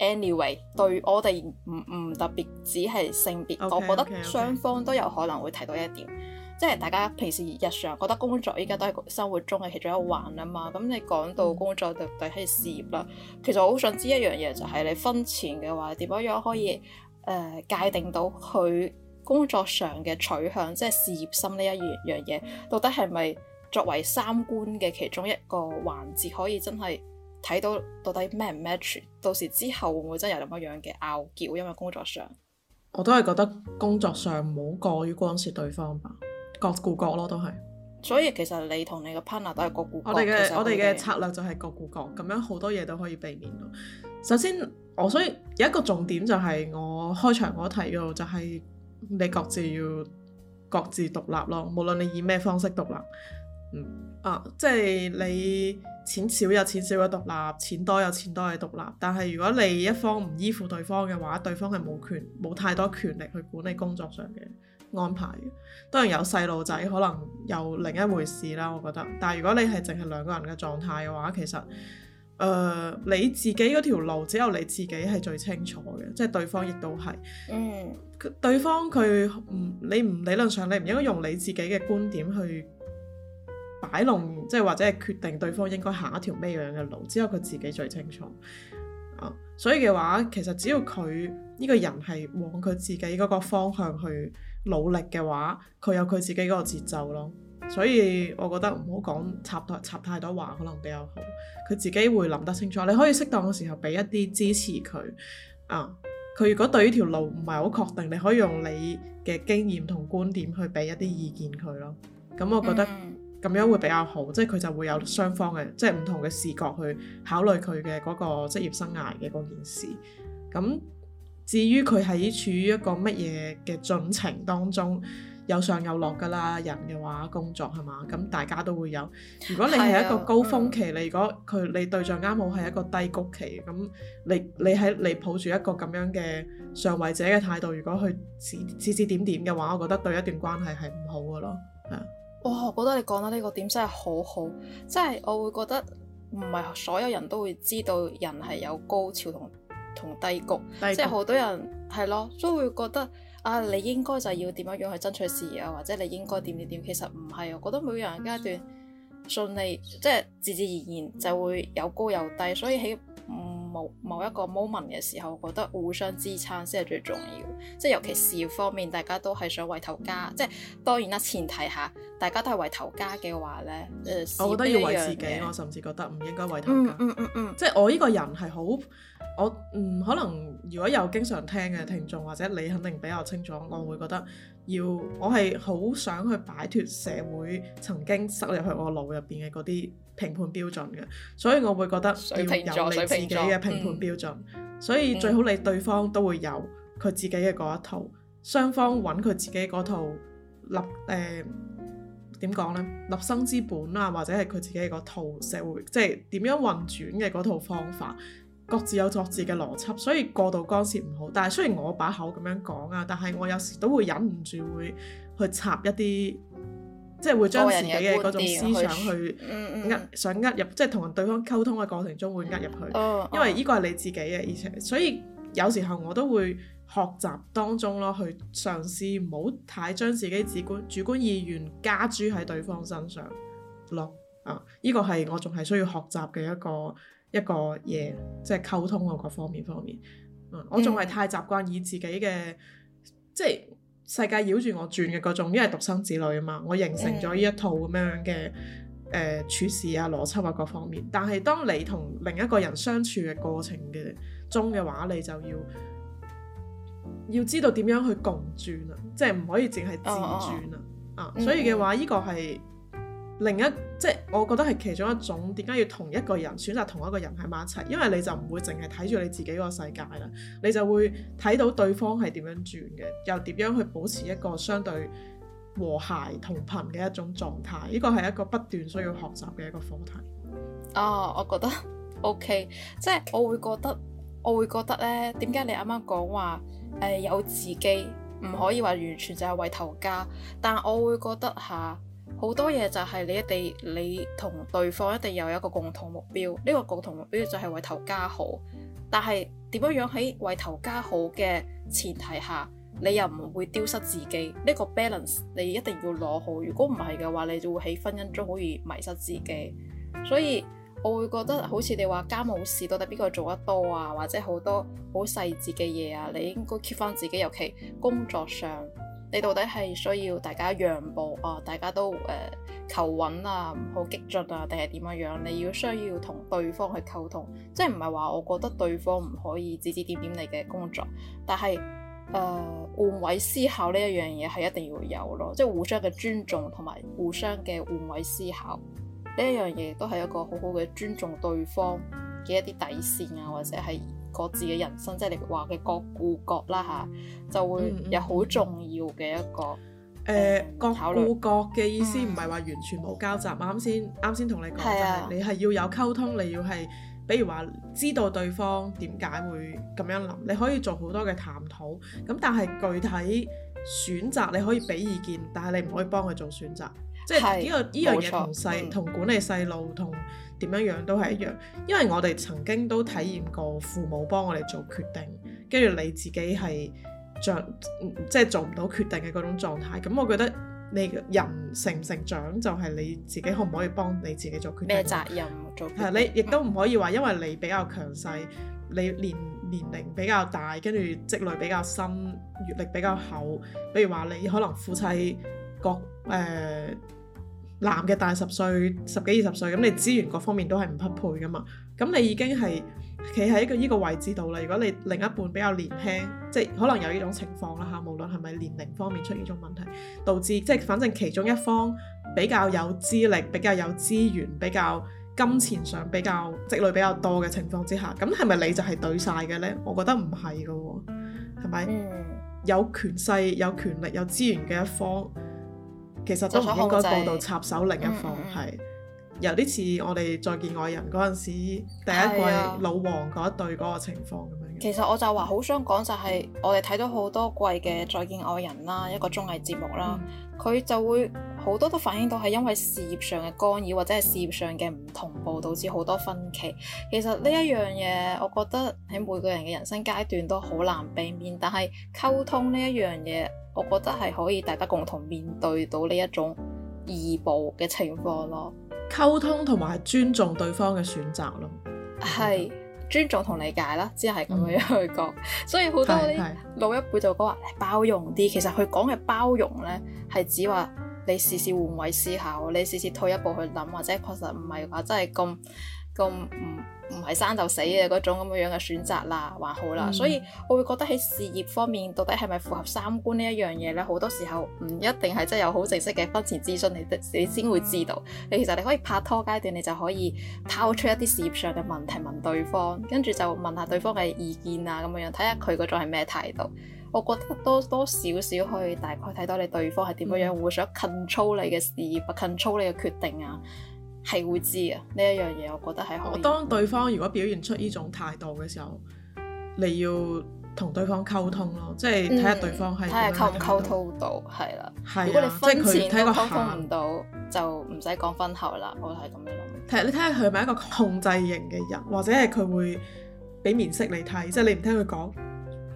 Anyway，對我哋唔唔特別，只係性別。Okay, 我覺得雙方都有可能會提到一點，okay, okay, okay. 即係大家平時日常覺得工作依家都係生活中嘅其中一環啊嘛。咁你講到工作對不對起、mm. 事業啦，其實我好想知一樣嘢就係你婚前嘅話點樣樣可以誒、mm. 呃、界定到佢工作上嘅取向，即係事業心呢一樣嘢，到底係咪作為三觀嘅其中一個環節，可以真係？睇到到底咩唔 match，到時之後會唔會真係有咁樣樣嘅拗撬？因為工作上，我都係覺得工作上唔好過於干涉對方吧，各顧各咯，都係。所以其實你同你嘅 partner 都係各顧，我哋嘅我哋嘅策略就係各顧各，咁樣好多嘢都可以避免。首先，我所以有一個重點就係我開場我提嘅就係、是、你各自要各自獨立咯，無論你以咩方式獨立。嗯、啊、即係你錢少有錢少嘅獨立，錢多有錢多嘅獨立。但係如果你一方唔依附對方嘅話，對方係冇權冇太多權力去管理工作上嘅安排。當然有細路仔可能有另一回事啦。我覺得，但係如果你係淨係兩個人嘅狀態嘅話，其實誒、呃、你自己嗰條路只有你自己係最清楚嘅，即係對方亦都係。嗯，對方佢唔你唔理論上你唔應該用你自己嘅觀點去。擺弄即係或者係決定對方應該行一條咩樣嘅路，只有佢自己最清楚啊，所以嘅話，其實只要佢呢個人係往佢自己嗰個方向去努力嘅話，佢有佢自己嗰個節奏咯。所以我覺得唔好講插太插太多話，可能比較好。佢自己會諗得清楚，你可以適當嘅時候俾一啲支持佢啊。佢如果對呢條路唔係好確定，你可以用你嘅經驗同觀點去俾一啲意見佢咯。咁我覺得。嗯咁樣會比較好，即係佢就會有雙方嘅，即係唔同嘅視角去考慮佢嘅嗰個職業生涯嘅嗰件事。咁至於佢喺處於一個乜嘢嘅進程當中，有上有落噶啦，人嘅話工作係嘛，咁大家都會有。如果你係一個高峰期，的你如果佢的你，你對象啱好係一個低谷期，咁你你喺你抱住一個咁樣嘅上位者嘅態度，如果去指指指點點嘅話，我覺得對一段關係係唔好嘅咯，啊哇，哦、我覺得你講得呢個點真係好好，即係我會覺得唔係所有人都會知道人係有高潮同同低，低谷，即係好多人係咯，都會覺得啊，你應該就要點樣樣去爭取事業，或者你應該點點點，其實唔係，我覺得每個人階段順利，即係自自然然就會有高有低，所以喺唔。嗯某一個 moment 嘅時候，覺得互相支撐先係最重要。即係尤其事業方面，大家都係想為頭家。即係當然啦，前提下大家都係為頭家嘅話呢，我覺得要為自己。嘅話我甚至覺得唔應該為頭家。嗯嗯嗯嗯、即係我呢個人係好，我嗯可能如果有經常聽嘅聽眾，或者你肯定比較清楚。我會覺得要我係好想去擺脫社會曾經塞入去我腦入邊嘅嗰啲評判標準嘅，所以我會覺得要有你自己嘅評判標準，所以最好你對方都會有佢自己嘅嗰一套，雙、嗯、方揾佢自己嗰套立，誒，點講呢，立生之本啊，或者係佢自己嘅嗰套社會即係點樣運轉嘅嗰套方法，各自有各自嘅邏輯，所以過度干涉唔好。但係雖然我把口咁樣講啊，但係我有時都會忍唔住會去插一啲。即係會將自己嘅嗰種思想去呃，嗯嗯、想呃入，即係同對方溝通嘅過程中會呃入去，嗯哦、因為呢個係你自己嘅，而且所以有時候我都會學習當中咯，去嘗試唔好太將自己主觀主觀意願加諸喺對方身上咯。啊，呢個係我仲係需要學習嘅一個一個嘢，即係溝通嘅各方面方面。嗯、我仲係太習慣以自己嘅、嗯、即係。世界繞住我轉嘅嗰種，因為獨生子女啊嘛，我形成咗呢一套咁樣嘅誒、呃、處事啊、邏輯啊各方面。但係當你同另一個人相處嘅過程嘅中嘅話，你就要要知道點樣去共轉啦，即係唔可以淨係自轉啦、哦、啊！所以嘅話，呢個係。另一即係，就是、我覺得係其中一種點解要同一個人選擇同一個人喺埋一齊，因為你就唔會淨係睇住你自己個世界啦，你就會睇到對方係點樣轉嘅，又點樣去保持一個相對和諧同頻嘅一種狀態。呢個係一個不斷需要學習嘅一個課題。哦，我覺得 OK，即係我會覺得我會覺得呢點解你啱啱講話誒有自己唔可以話完全就係為頭家，但我會覺得嚇。好多嘢就係你一定你同對方一定又有一個共同目標，呢個共同目標就係為頭家好。但係點樣樣喺為頭家好嘅前提下，你又唔會丟失自己？呢個 balance 你一定要攞好。如果唔係嘅話，你就會喺婚姻中好易迷失自己。所以，我會覺得好似你話家務事到底邊個做得多啊，或者好多好細節嘅嘢啊，你應該 keep 翻自己，尤其工作上。你到底係需要大家讓步啊？大家都誒、呃、求穩啊，唔好激進啊，定係點樣樣？你要需要同對方去溝通，即係唔係話我覺得對方唔可以指指點點你嘅工作，但係誒換位思考呢一樣嘢係一定要有咯，即係互相嘅尊重同埋互相嘅換位思考呢一樣嘢都係一個好好嘅尊重對方嘅一啲底線啊，或者係。各自嘅人生，即係你話嘅各顧各啦吓，就會有好重要嘅一個誒，各顧各嘅意思唔係話完全冇交集。啱先啱先同你講就係，你係要有溝通，你要係，比如話知道對方點解會咁樣諗，你可以做好多嘅探討。咁但係具體選擇，你可以俾意見，但係你唔可以幫佢做選擇。即係呢個呢樣嘢同細同管理細路同。點樣樣都係一樣，因為我哋曾經都體驗過父母幫我哋做決定，跟住你自己係著即係做唔到決定嘅嗰種狀態。咁我覺得你人成唔成長，就係你自己可唔可以幫你自己做決定。咩責任做決定？係，你亦都唔可以話，因為你比較強勢，你年年齡比較大，跟住積累比較深，閲歷比較厚。譬如話你可能夫妻各誒。呃男嘅大十歲，十幾二十歲，咁你資源各方面都係唔匹配噶嘛？咁你已經係企喺一個依個位置度啦。如果你另一半比較年輕，即係可能有呢種情況啦嚇。無論係咪年齡方面出呢種問題，導致即係反正其中一方比較有資歷、比較有資源、比較金錢上比較積累比較多嘅情況之下，咁係咪你就係對晒嘅呢？我覺得唔係噶喎，係咪？有權勢、有權力、有資源嘅一方。其實都唔應該過度插手另一方係。有啲似我哋再見愛人嗰陣時第一季老王嗰一對嗰個情況咁樣、啊。其實我就話好想講就係我哋睇咗好多季嘅再見愛人啦，一個綜藝節目啦，佢、嗯、就會好多都反映到係因為事業上嘅干擾或者係事業上嘅唔同步導致好多分歧。其實呢一樣嘢，我覺得喺每個人嘅人生階段都好難避免，但係溝通呢一樣嘢，我覺得係可以大家共同面對到呢一種異步嘅情況咯。溝通同埋尊重對方嘅選擇咯，係是、嗯、尊重同理解啦，只係咁樣去講。嗯、所以好多啲老一輩就講話包容啲，其實佢講嘅包容呢，係指話你試試換位思考，你試試退一步去諗，或者確實唔係話真係咁咁唔。唔係生就死嘅嗰種咁樣樣嘅選擇啦，還好啦，嗯、所以我會覺得喺事業方面到底係咪符合三觀呢一樣嘢呢？好多時候唔一定係真係有好正式嘅婚前諮詢，你你先會知道。你、嗯、其實你可以拍拖階段，你就可以拋出一啲事業上嘅問題問對方，跟住就問下對方嘅意見啊咁樣樣，睇下佢嗰種係咩態度。我覺得多多少少可以大概睇到你對方係點樣點樣、嗯，會唔會想 control 你嘅事業，不 control 你嘅決定啊？係會知啊，呢一樣嘢，我覺得係好。當對方如果表現出呢種態度嘅時候，你要同對方溝通咯，即係睇下對方係睇下溝唔溝通到，係啦的。係的。如果你婚前都溝通唔到，就唔使講婚後啦。我係咁樣諗。睇，你睇下佢係咪一個控制型嘅人，或者係佢會俾面色你睇，即係你唔聽佢講，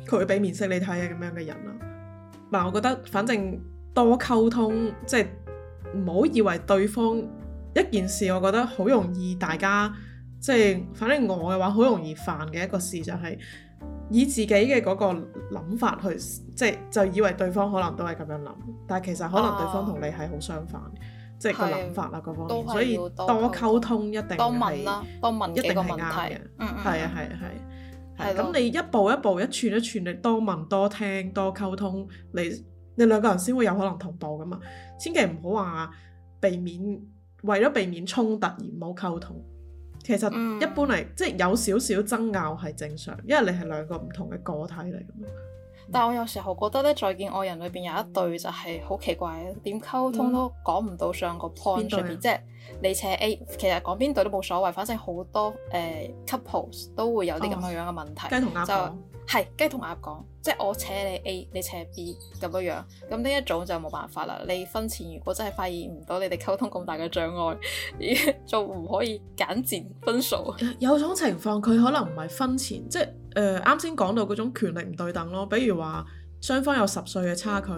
佢會俾面色你睇嘅咁樣嘅人咯。嗱，我覺得，反正多溝通，即係唔好以為對方。一件事，我覺得好容易，大家即係，就是、反正我嘅話好容易犯嘅一個事就係以自己嘅嗰個諗法去，即、就、係、是、就以為對方可能都係咁樣諗，但係其實可能對方同你係好相反，啊、即係個諗法啦、啊，嗰的方面，所以多溝通一定係多問多問幾個問題，一定係啱嘅，嗯嗯，係啊係啊係。咁的你一步一步一串一串你多問多聽多溝通，你你兩個人先會有可能同步噶嘛。千祈唔好話避免，為咗避免衝突而唔好溝通，其實一般嚟、嗯、即係有少少爭拗係正常，因為你係兩個唔同嘅個體嚟。但係我有時候覺得咧，《再見愛人》裏邊有一對就係好奇怪，點溝通都講唔到上個 point、嗯、上面、啊、即係你扯 A，其實講邊對都冇所謂，反正好多誒 couples、呃、都會有啲咁樣樣嘅問題。哦係，跟住同阿鴨講，即係我扯你 A，你扯 B 咁樣樣，咁呢一種就冇辦法啦。你婚前如果真係發現唔到你哋溝通咁大嘅障礙， 就唔可以簡截分數。有種情況佢可能唔係婚前，即係誒啱先講到嗰種權力唔對等咯。比如話雙方有十歲嘅差距，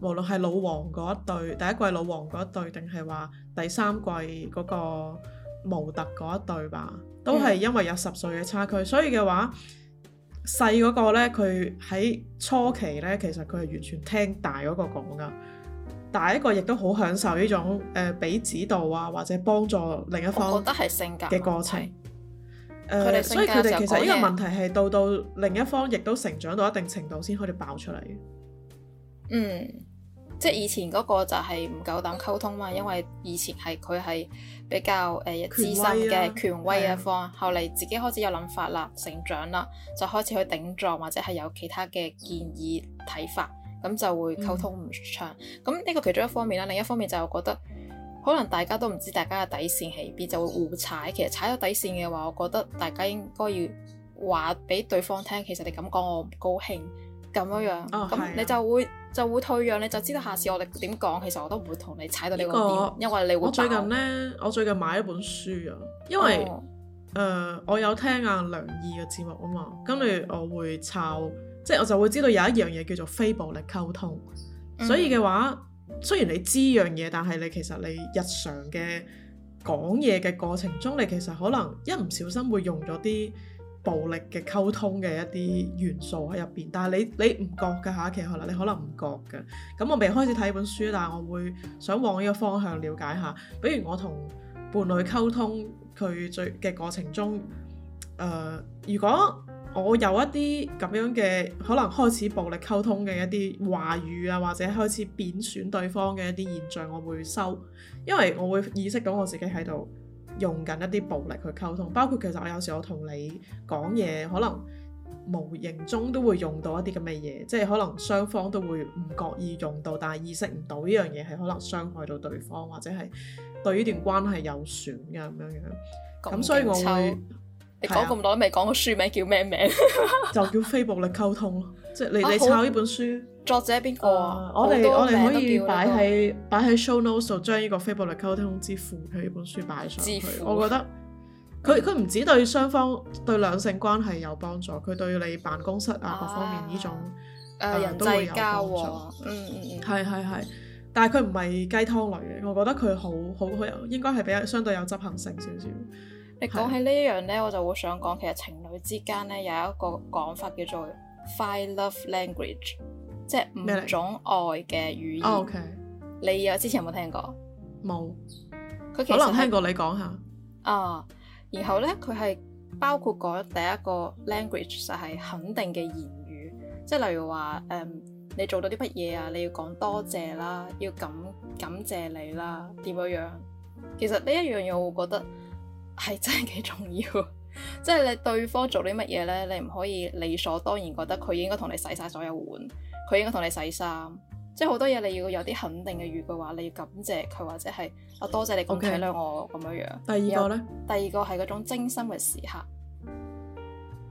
無論係老王嗰一對第一季老王嗰一對，定係話第三季嗰個模特嗰一對吧，都係因為有十歲嘅差距，所以嘅話。細嗰個呢，佢喺初期呢，其實佢係完全聽大嗰個講噶。大一個亦都好享受呢種誒，俾、呃、指導啊，或者幫助另一方覺得係性格嘅過程。呃、所以佢哋其實呢個問題係到到另一方亦都成長到一定程度先可以爆出嚟。嗯。即係以前嗰個就係唔夠膽溝通嘛，因為以前係佢係比較誒、呃啊、資深嘅權威一方，的後嚟自己開始有諗法啦、成長啦，就開始去頂撞或者係有其他嘅建議睇法，咁就會溝通唔暢。咁呢、嗯、個其中一方面啦，另一方面就係我覺得可能大家都唔知大家嘅底線喺邊，就會互踩。其實踩咗底線嘅話，我覺得大家應該要話俾對方聽，其實你咁講我唔高興咁樣樣，咁你就會，就會退讓，你就知道下次我哋點講，其實我都唔會同你踩到你、呢個點，因為你會。我最近呢，我最近買一本書啊，因為誒、oh. 呃、我有聽阿梁毅嘅節目啊嘛，跟、嗯、住我會抄，即係我就會知道有一樣嘢叫做非暴力溝通。所以嘅話，mm hmm. 雖然你知樣嘢，但係你其實你日常嘅講嘢嘅過程中，你其實可能一唔小心會用咗啲。暴力嘅溝通嘅一啲元素喺入邊，但係你你唔覺㗎吓，其實可能你可能唔覺㗎。咁我未開始睇本書，但係我會想往呢個方向了解下。比如我同伴侶溝通佢最嘅過程中，誒、呃，如果我有一啲咁樣嘅可能開始暴力溝通嘅一啲話語啊，或者開始貶損對方嘅一啲現象，我會收，因為我會意識到我自己喺度。用緊一啲暴力去溝通，包括其實我有時我同你講嘢，可能無形中都會用到一啲咁嘅嘢，即係可能雙方都會唔覺意用到，但係意識唔到呢樣嘢係可能傷害到對方，或者係對呢段關係有損嘅咁樣樣。咁、嗯、咁所以我會。你講咁耐未講個書名叫咩名？就叫非暴力溝通咯，即係你你抄呢本書，作者係邊個啊？我哋我哋可以擺喺擺喺 show notes 將呢個非暴力溝通之父佢呢本書擺上去。我覺得佢佢唔止對雙方對兩性關係有幫助，佢對你辦公室啊各方面呢種誒人際交往，嗯嗯嗯，係係係，但係佢唔係雞湯類嘅，我覺得佢好好好，應該係比較相對有執行性少少。你講起呢樣呢，我就會想講其實情侶之間呢，有一個講法叫做 five love language，即係五種愛嘅語言。Oh, okay. 你有之前有冇聽過？冇沒，可能聽過你講下啊。然後呢，佢係包括嗰第一個 language 就係肯定嘅言語，即係例如話誒、嗯、你做到啲乜嘢啊，你要講多謝啦，要感感謝你啦，點樣樣。其實呢一樣嘢，我會覺得。係真係幾重要，即 係你對方做啲乜嘢呢？你唔可以理所當然覺得佢應該同你洗晒所有碗，佢應該同你洗衫，即係好多嘢你要有啲肯定嘅語句話，你要感謝佢或者係啊多謝你我，我體諒我咁樣樣。第二個呢？第二個係嗰種精心嘅時刻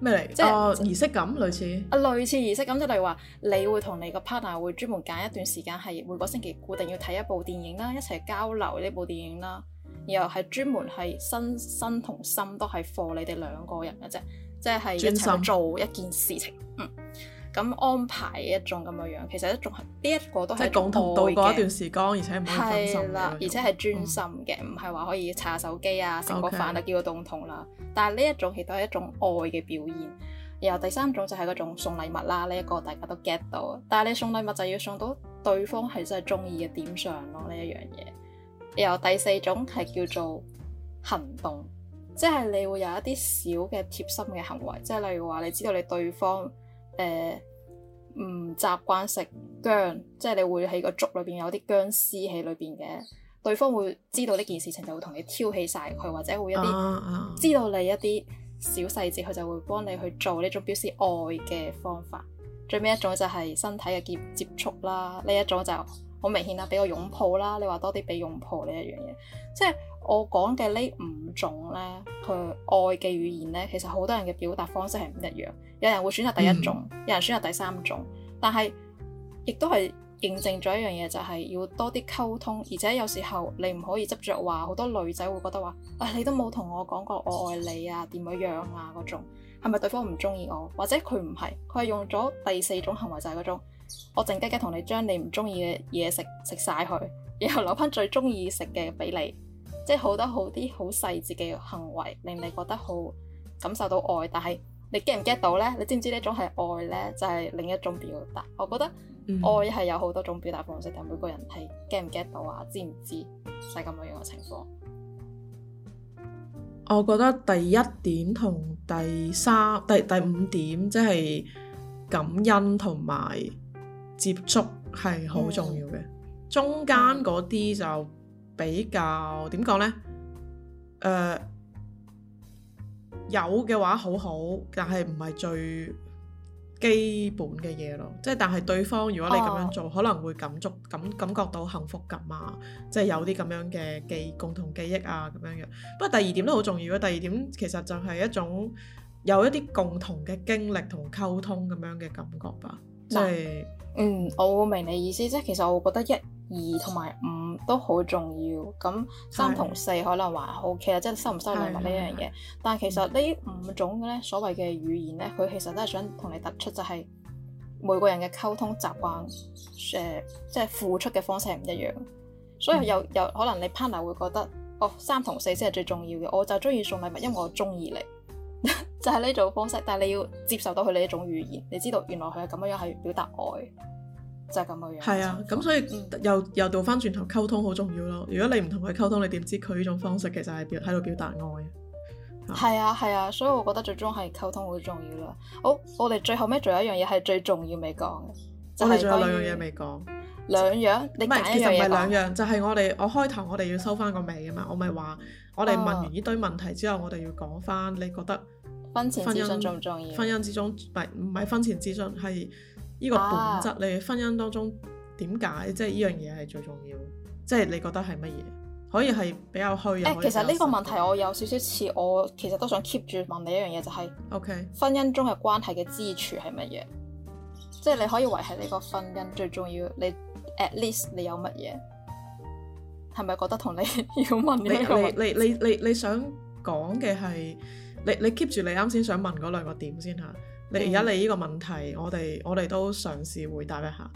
咩嚟？即係儀式感類似啊，類似儀式感，即係例如話你會同你個 partner 會專門揀一段時間，係每個星期固定要睇一部電影啦，一齊交流呢部電影啦。然後係專門係身心同心都係貨你哋兩個人嘅啫，即係一起做一件事情，心嗯，咁安排一種咁嘅樣，其實、這個、一種係呢一個都係共同度過一段時光，而且唔分心，係啦，的種而且係專心嘅，唔係話可以查手機啊、食個飯啊、叫個動動啦。Okay. 但係呢一種其實都係一種愛嘅表現。然後第三種就係嗰種送禮物啦，呢、這、一個大家都 get 到，但係你送禮物就要送到對方係真係中意嘅點上咯，呢一樣嘢。有第四種係叫做行動，即係你會有一啲小嘅貼心嘅行為，即係例如話，你知道你對方誒、呃、唔習慣食薑，即係你會喺個粥裏邊有啲薑絲喺裏邊嘅，對方會知道呢件事情就會同你挑起晒佢，或者會一啲、uh, uh. 知道你一啲小細節，佢就會幫你去做呢種表示愛嘅方法。最尾一種就係身體嘅接接觸啦，呢一種就是。好明顯啦，俾個擁抱啦，你話多啲俾擁抱呢一樣嘢，即係我講嘅呢五種呢，佢愛嘅語言呢，其實好多人嘅表達方式係唔一樣，有人會選擇第一種，嗯、有人選擇第三種，但係亦都係認證咗一樣嘢，就係、是、要多啲溝通，而且有時候你唔可以執着話，好多女仔會覺得話，啊你都冇同我講過我愛你啊點樣樣啊嗰種，係咪對方唔中意我，或者佢唔係，佢係用咗第四種行為就係嗰種。我靜雞雞同你將你唔中意嘅嘢食食晒佢，然後留翻最中意食嘅俾你，即係好多好啲好細節嘅行為，令你覺得好感受到愛。但係你 get 唔 get 到呢？你知唔知呢種係愛呢？就係另一種表達。我覺得愛係有好多種表達方式，但係每個人係 get 唔 get 到啊？知唔知係咁樣嘅情況？我覺得第一點同第三、第第五點即係感恩同埋。接觸係好重要嘅，中間嗰啲就比較點講呢？誒有嘅話好好，但係唔係最基本嘅嘢咯。即係但係對方如果你咁樣做，哦、可能會感觸感感覺到幸福感啊，即係有啲咁樣嘅記共同記憶啊，咁樣樣。不過第二點都好重要咯。第二點其實就係一種有一啲共同嘅經歷同溝通咁樣嘅感覺吧，即係。嗯，我會明你意思，即係其實我覺得一二同埋五都好重要，咁三同四可能還好，其實的即係收唔收禮物呢一樣嘢，的但係其實呢五種咧所謂嘅語言咧，佢其實都係想同你突出就係每個人嘅溝通習慣，誒、呃、即係付出嘅方式係唔一樣，所以有的有，有可能你 partner 會覺得，哦，三同四先係最重要嘅，我就中意送禮物，因為我中意你。 就係呢種方式，但係你要接受到佢呢一種語言，你知道原來佢係咁樣樣去表達愛，就係、是、咁樣樣。係啊，咁、嗯、所以又又倒翻轉頭溝通好重要咯。如果你唔同佢溝通，你點知佢呢種方式其實係表喺度表達愛？係啊係、嗯、啊，所以我覺得最終係溝通好重要啦。好、哦，我哋最後尾仲有一樣嘢係最重要未講嘅，就係、是、仲有兩樣嘢未講。兩樣，是你揀一樣，唔係，其實唔係兩樣，說就係我哋我開頭我哋要收翻個尾啊嘛。我咪話我哋問完呢堆問題之後，啊、我哋要講翻你覺得婚姻、婚前諮詢重唔重要？婚姻之中唔係唔係婚前諮詢，係呢個本質、啊、你婚姻當中點解即係呢樣嘢係最重要？即係、啊、你覺得係乜嘢？可以係比較虛嘅。欸、其實呢個問題我有少少似我其實都想 keep 住問你一樣嘢，就係 OK 婚姻中嘅關係嘅支柱係乜嘢？即係 Okay. 你可以維係你個婚姻最重要你。At least 你有乜嘢？係咪覺得同你 要問你問你你你你，你想講嘅係你你 keep 住你啱先想問嗰兩個點先嚇。嗯、你而家你呢個問題，我哋我哋都嘗試回答一下。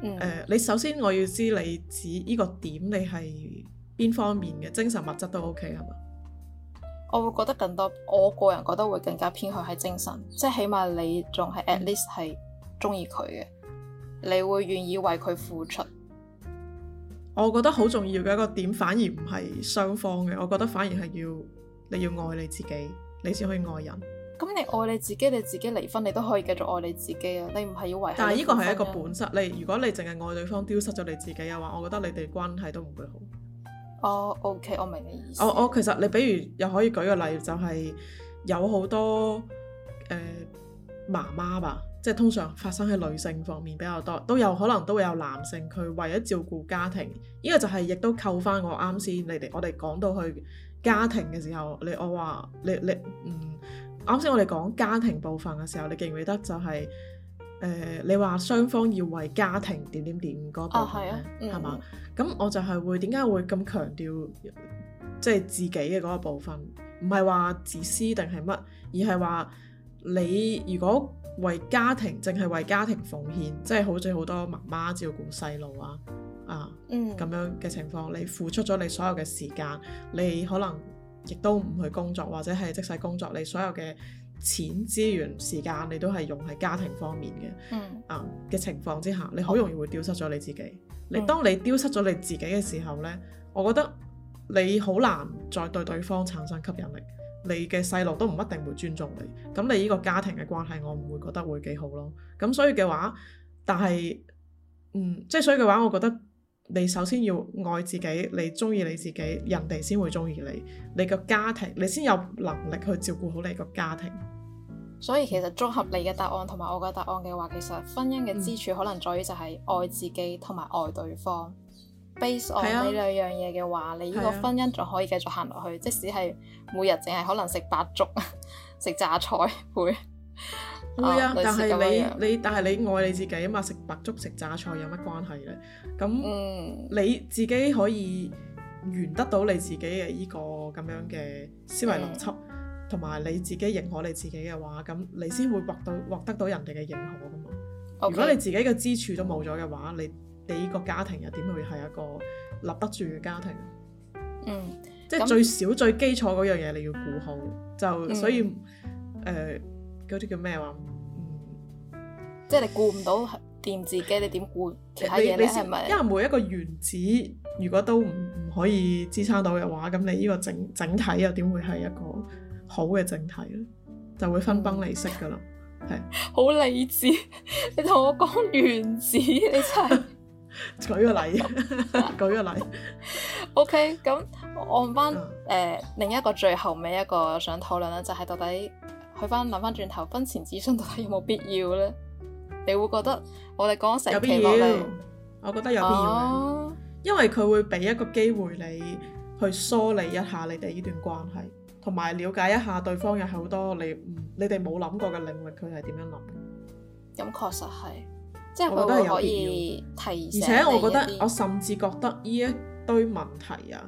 誒、嗯，uh, 你首先我要知你指呢個點，你係邊方面嘅？精神、物質都 OK 係嘛？我會覺得更多，我個人覺得會更加偏向係精神，即係起碼你仲係 at least 係中意佢嘅。嗯你會願意為佢付出？我覺得好重要嘅一個點，反而唔係雙方嘅，我覺得反而係要你要愛你自己，你先可以愛人。咁你愛你自己，你自己離婚你都可以繼續愛你自己啊！你唔係要為，但係呢個係一個本質。嗯、你如果你淨係愛對方，丟失咗你自己嘅話，我覺得你哋關係都唔會好。哦，OK，我明你意思。我我其實你比如又可以舉個例就係、是、有好多誒媽媽吧。即係通常發生喺女性方面比較多，都有可能都會有男性佢為咗照顧家庭。呢個就係、是、亦都扣翻我啱先，你哋我哋講到去家庭嘅時候，你我話你你嗯啱先，啱先我哋講家庭部分嘅時候，你記唔記得就係、是、誒、呃、你話雙方要為家庭點點點嗰度係啊，係嘛？咁我就係會點解會咁強調即係自己嘅嗰個部分，唔係話自私定係乜，而係話你如果，為家庭淨係為家庭奉獻，即係好似好多媽媽照顧細路啊，啊，咁、嗯、樣嘅情況，你付出咗你所有嘅時間，你可能亦都唔去工作，或者係即使工作，你所有嘅錢、資源、時間，你都係用喺家庭方面嘅，嗯、啊嘅情況之下，你好容易會丟失咗你自己。嗯、你當你丟失咗你自己嘅時候呢，嗯、我覺得你好難再對對方產生吸引力。你嘅細路都唔一定會尊重你，咁你呢個家庭嘅關係，我唔會覺得會幾好咯。咁所以嘅話，但係，嗯，即係所以嘅話，我覺得你首先要愛自己，你中意你自己，人哋先會中意你，你個家庭，你先有能力去照顧好你個家庭。所以其實綜合你嘅答案同埋我嘅答案嘅話，其實婚姻嘅支柱可能在於就係愛自己同埋愛對方。base on 呢兩樣嘢嘅話，你呢個婚姻仲可以繼續行落去，即使係每日淨係可能食白粥、食 榨菜， 會會啊！但係你你但係你愛你自己啊嘛，食白粥食榨菜有乜關係咧？咁、嗯、你自己可以完得到你自己嘅依、依個咁樣嘅思維邏輯，同埋、嗯、你自己認可你自己嘅話，咁你先會獲到獲得到，獲得到人哋嘅認可噶嘛。如果你自己嘅支柱都冇咗嘅話，你。你個家庭又點會係一個立得住嘅家庭？嗯，即係是 那最少最基礎嗰樣嘢你要顧好，就、嗯、所以誒嗰啲叫咩話？嗯、即係你顧唔到電子機，你點顧其他嘢咧？係咪？因為每一個原子如果都唔可以支撐到嘅話，咁你呢個整整體又點會係一個好嘅整體咧？就會分崩離析噶啦，係。好理智，你同我講原子，你真係～ 舉個例， 舉個例。 OK，咁我唔翻，誒，另一個最後尾一個想討論咧，就係、是、到底去翻諗翻轉頭，婚前諮詢到底有冇必要咧？你會覺得我哋講成期落嚟，我覺得有必要，哦、因為佢會俾一個機會你去梳理一下你哋呢段關係，同埋了解一下對方有好多你你哋冇諗過嘅領域，佢係點樣諗？咁確實係。即係我覺得係有意義，可以提醒，而且我覺得我甚至覺得呢一堆問題啊，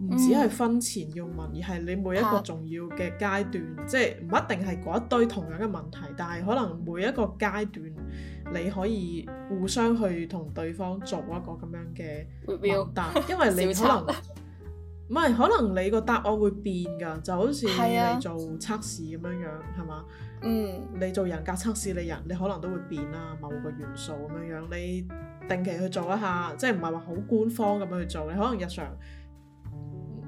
唔止係婚前要問，嗯、而係你每一個重要嘅階段，啊、即係唔一定係嗰一堆同樣嘅問題，但係可能每一個階段你可以互相去同對方做一個咁樣嘅 review，因為你可能。 唔係，可能你個答案會變噶，就好似你做測試咁樣樣，係嘛、啊？吧嗯，你做人格測試，你人你可能都會變啦、啊，某個元素咁樣樣。你定期去做一下，即係唔係話好官方咁樣去做？你可能日常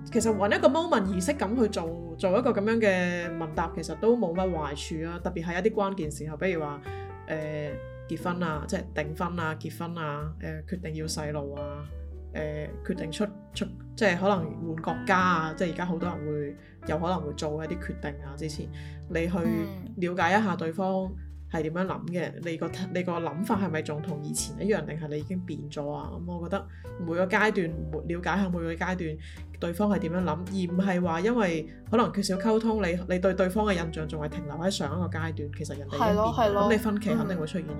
其實揾一個 moment 儀式咁去做，做一個咁樣嘅問答，其實都冇乜壞處啊！特別係一啲關鍵時候，比如話誒、呃、結婚啊，即係訂婚啊、結婚啊，誒、呃、決定要細路啊，誒、呃、決定出出。即係可能換國家啊！即係而家好多人會有可能會做一啲決定啊。之前你去了解一下對方係點樣諗嘅，你個你個諗法係咪仲同以前一樣，定係你已經變咗啊？咁，嗯，我覺得每個階段，了解下每個階段對方係點樣諗，而唔係話因為可能缺少溝通，你你對對方嘅印象仲係停留喺上一個階段，其實人哋已經變咗，咁你分歧肯定會出現啦。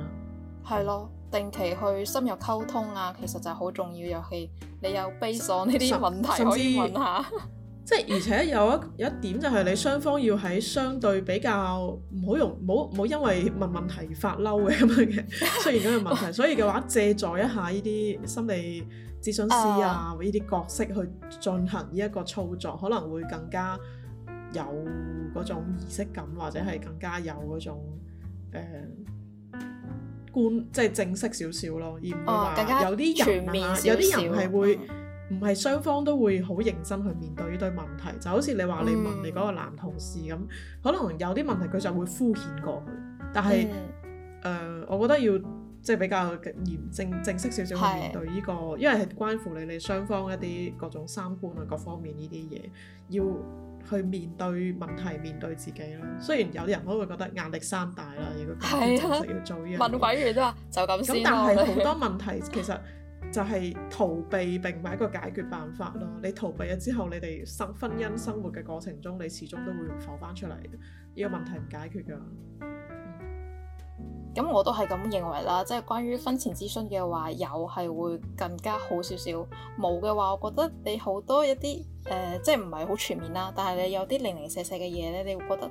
係咯。定期去深入溝通啊，其實就係好重要，尤其你有悲喪呢啲問題可以問下至。即係 而且有一有一點就係你雙方要喺相對比較唔好容唔好因為問問題而發嬲嘅咁樣嘅，出現咁嘅問題， 所以嘅話借助一下呢啲心理諮詢師啊呢啲、uh, 角色去進行呢一個操作，可能會更加有嗰種儀式感，或者係更加有嗰種、uh, 觀即係正式少少咯，而唔會話有啲人啊，哦、面有啲人係會唔係、哦、雙方都會好認真去面對呢堆問題。哦、就好似你話你問你嗰個男同事咁，嗯、可能有啲問題佢就會敷衍過去。但係誒，我覺得要即係、即係、比較嚴正正式少少去面對呢、呢個，是的 因為係關乎你哋雙方一啲各種三觀啊，各方面呢啲嘢要。去面對問題，面對自己咯。雖然有啲人都會覺得壓力山大啦，如果今日正式要做呢樣嘢。問鬼員啫嘛，就咁先 但係好多問題其實就係逃避，並唔係一個解決辦法咯。你逃避咗之後，你哋生婚姻生活嘅過程中，你始終都會浮翻出嚟。呢個問題唔解決㗎。嗯咁我都係咁認為啦，即係關於婚前諮詢嘅話，有係會更加好少少，冇嘅話，我覺得你好多一啲誒、呃，即係唔係好全面啦。但係你有啲零零舍舍嘅嘢咧，你會覺得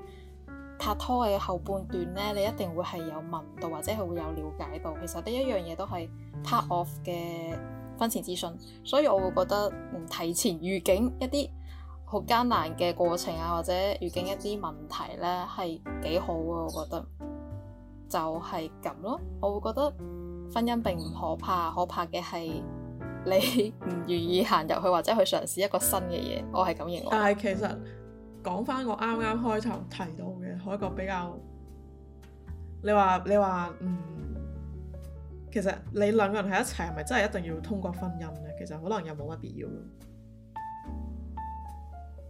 拍拖嘅後半段咧，你一定會係有問到或者係會有了解到。其實呢一樣嘢都係 part of 嘅婚前諮詢，所以我會覺得提前預警一啲好艱難嘅過程啊，或者預警一啲問題咧，係幾好啊。我覺得。就係咁咯，我會覺得婚姻並唔可怕，可怕嘅係你唔願意行入去或者去嘗試一個新嘅嘢，我係咁認為。但係其實講翻、嗯、我啱啱開頭提到嘅，一個比較，你話你話，嗯，其實你兩個人喺一齊係咪真係一定要通過婚姻呢？其實可能又冇乜必要。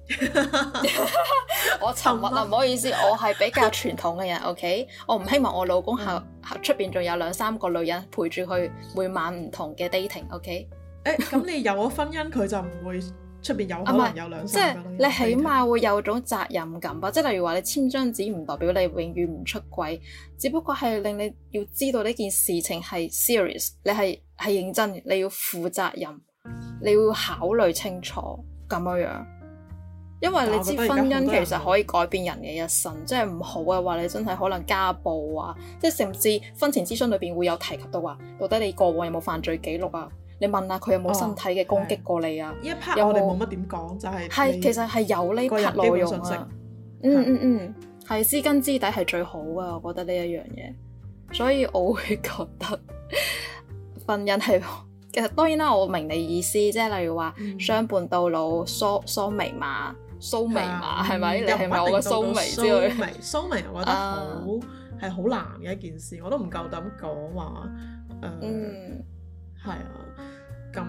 我尋日、嗯、啊，唔好意思， 我係比較傳統嘅人。OK，我唔希望我老公下出邊仲有兩三個女人陪住佢，每晚唔同嘅 dating。O K，咁你有咗婚姻，佢就唔會出邊有可能有兩三個女人 即係你起碼會有種責任感吧？即係例如話你簽張紙，唔代表你永遠唔出軌，只不過係令你要知道呢件事情係 serious，你係係認真，你要負責任，你要考慮清楚咁樣樣。因為你知婚姻其實可以改變人嘅一生，即係唔好嘅話，你真係可能家暴啊，即係甚至婚前諮詢裏邊會有提及到話，到底你過往有冇犯罪記錄啊？你問下佢有冇身體嘅攻擊過你啊？呢、哦、沒一 part 我哋冇乜點講，就係、是、係其實係有呢 part 內容啊。嗯嗯嗯，係、嗯、知、嗯、根知底係最好啊，我覺得呢一樣嘢，所以我會覺得婚姻係其實當然啦，我明你意思，即係例如話相伴到老疏疏眉馬。蘇眉嘛，係咪入埋定蘇眉蘇眉。蘇眉，蘇眉，我覺得好係好難嘅一件事，我都唔夠膽講話。誒、呃，係、嗯、啊，咁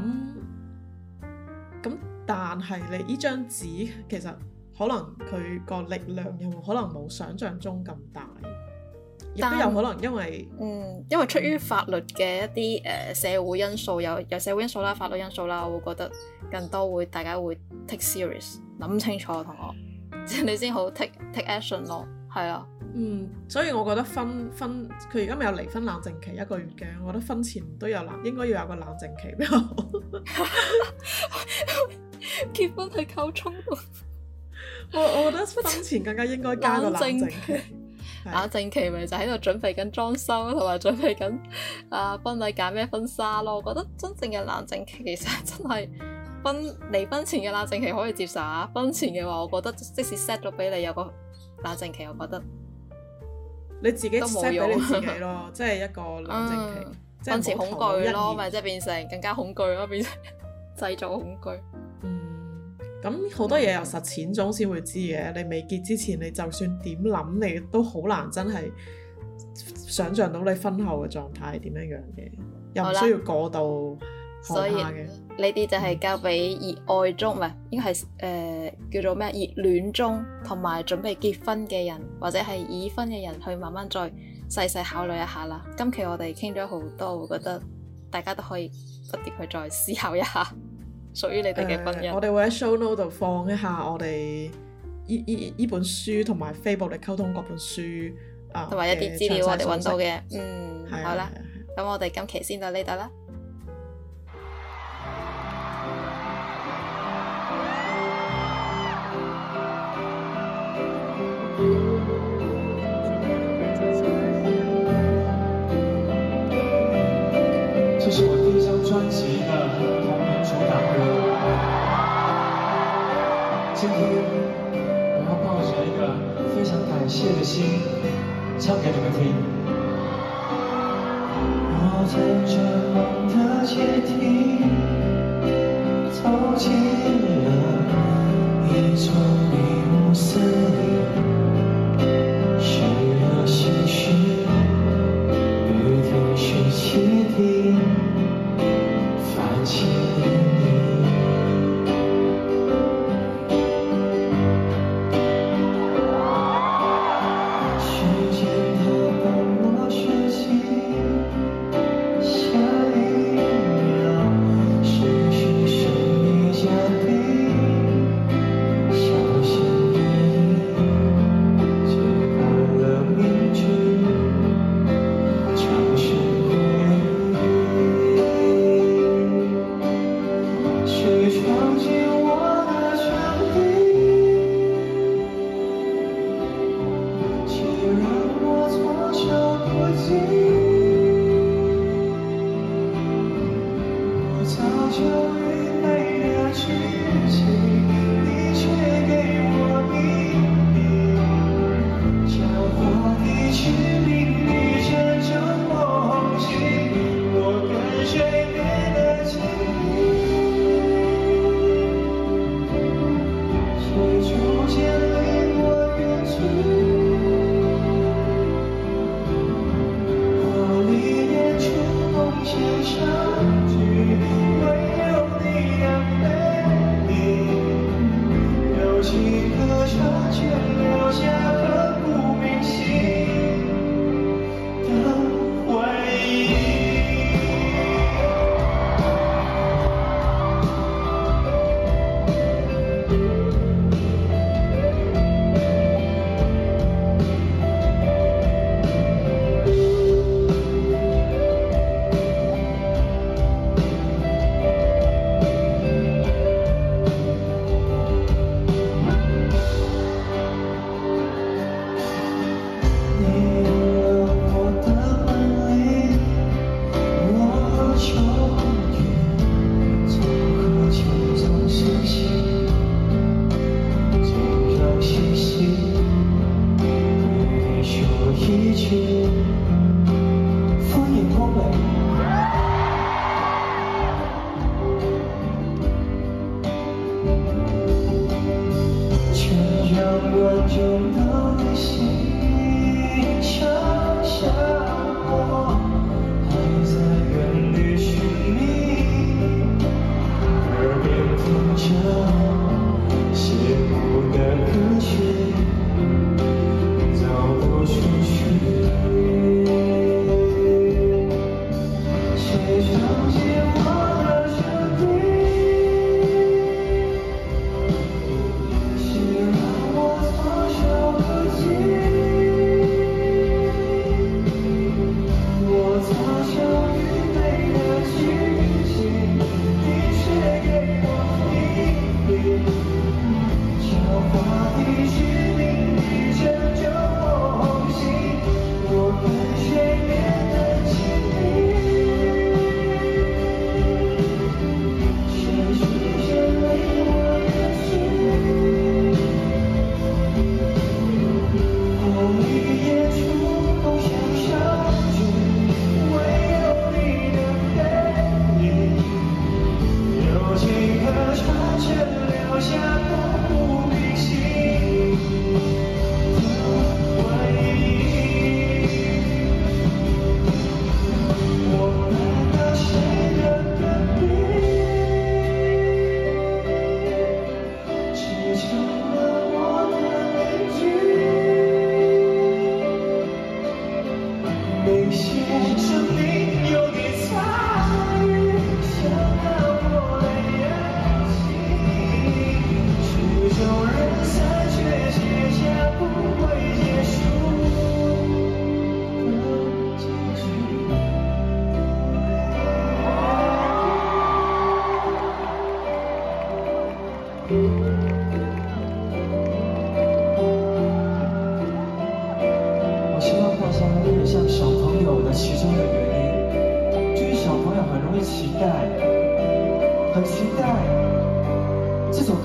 咁，但係你呢張紙，其實可能佢個力量又可能冇想象中咁大。都但有可能，因為嗯，因為出於法律嘅一啲誒、呃、社會因素，有有社會因素啦，法律因素啦，我會覺得更多會大家會 take serious，諗清楚同我，即係你先好 take take action 咯，係啊，嗯，所以我覺得婚婚佢而家咪有離婚冷靜期一個月嘅，我覺得婚前都有冷，應該要有個冷靜期比較好。 結婚係衝動， 我我覺得婚前更加應該加個冷靜期。冷靜期咪就喺度準備緊裝修，同埋準備緊啊婚禮揀咩婚紗咯。我覺得真正嘅冷靜期其實真係婚離婚前嘅冷靜期可以接受啊。婚前嘅話，我覺得即使 set 咗俾你有個冷靜期，我覺得你自己都冇用啊。即係 一個冷靜期，婚前、嗯、恐懼咯，咪即係變成更加恐懼咯，變成 製造恐懼。咁好、嗯、多嘢有實踐中先會知嘅，你未結之前，你就算點諗，你都好難真係想像到你婚後嘅狀態係點樣樣嘅，又唔需要過度。所以呢啲就係交俾熱愛中唔係，嗯、應該係誒、呃、叫做咩熱戀中，同埋準備結婚嘅人，或者係已婚嘅人去慢慢再細細考慮一下啦。今期我哋傾咗好多，我覺得大家都可以不斷去再思考一下。屬於你哋嘅婚姻，我哋會喺 show note 度放一下我哋呢呢呢本書同埋《非暴力溝通》嗰本書啊，同埋一啲資料我哋揾到嘅。嗯，的好啦，咁我哋今期先到呢度啦。 這是我第一今天我要抱着一個非常感謝的心，唱給你們聽。我在這夢的階梯走進冇寫。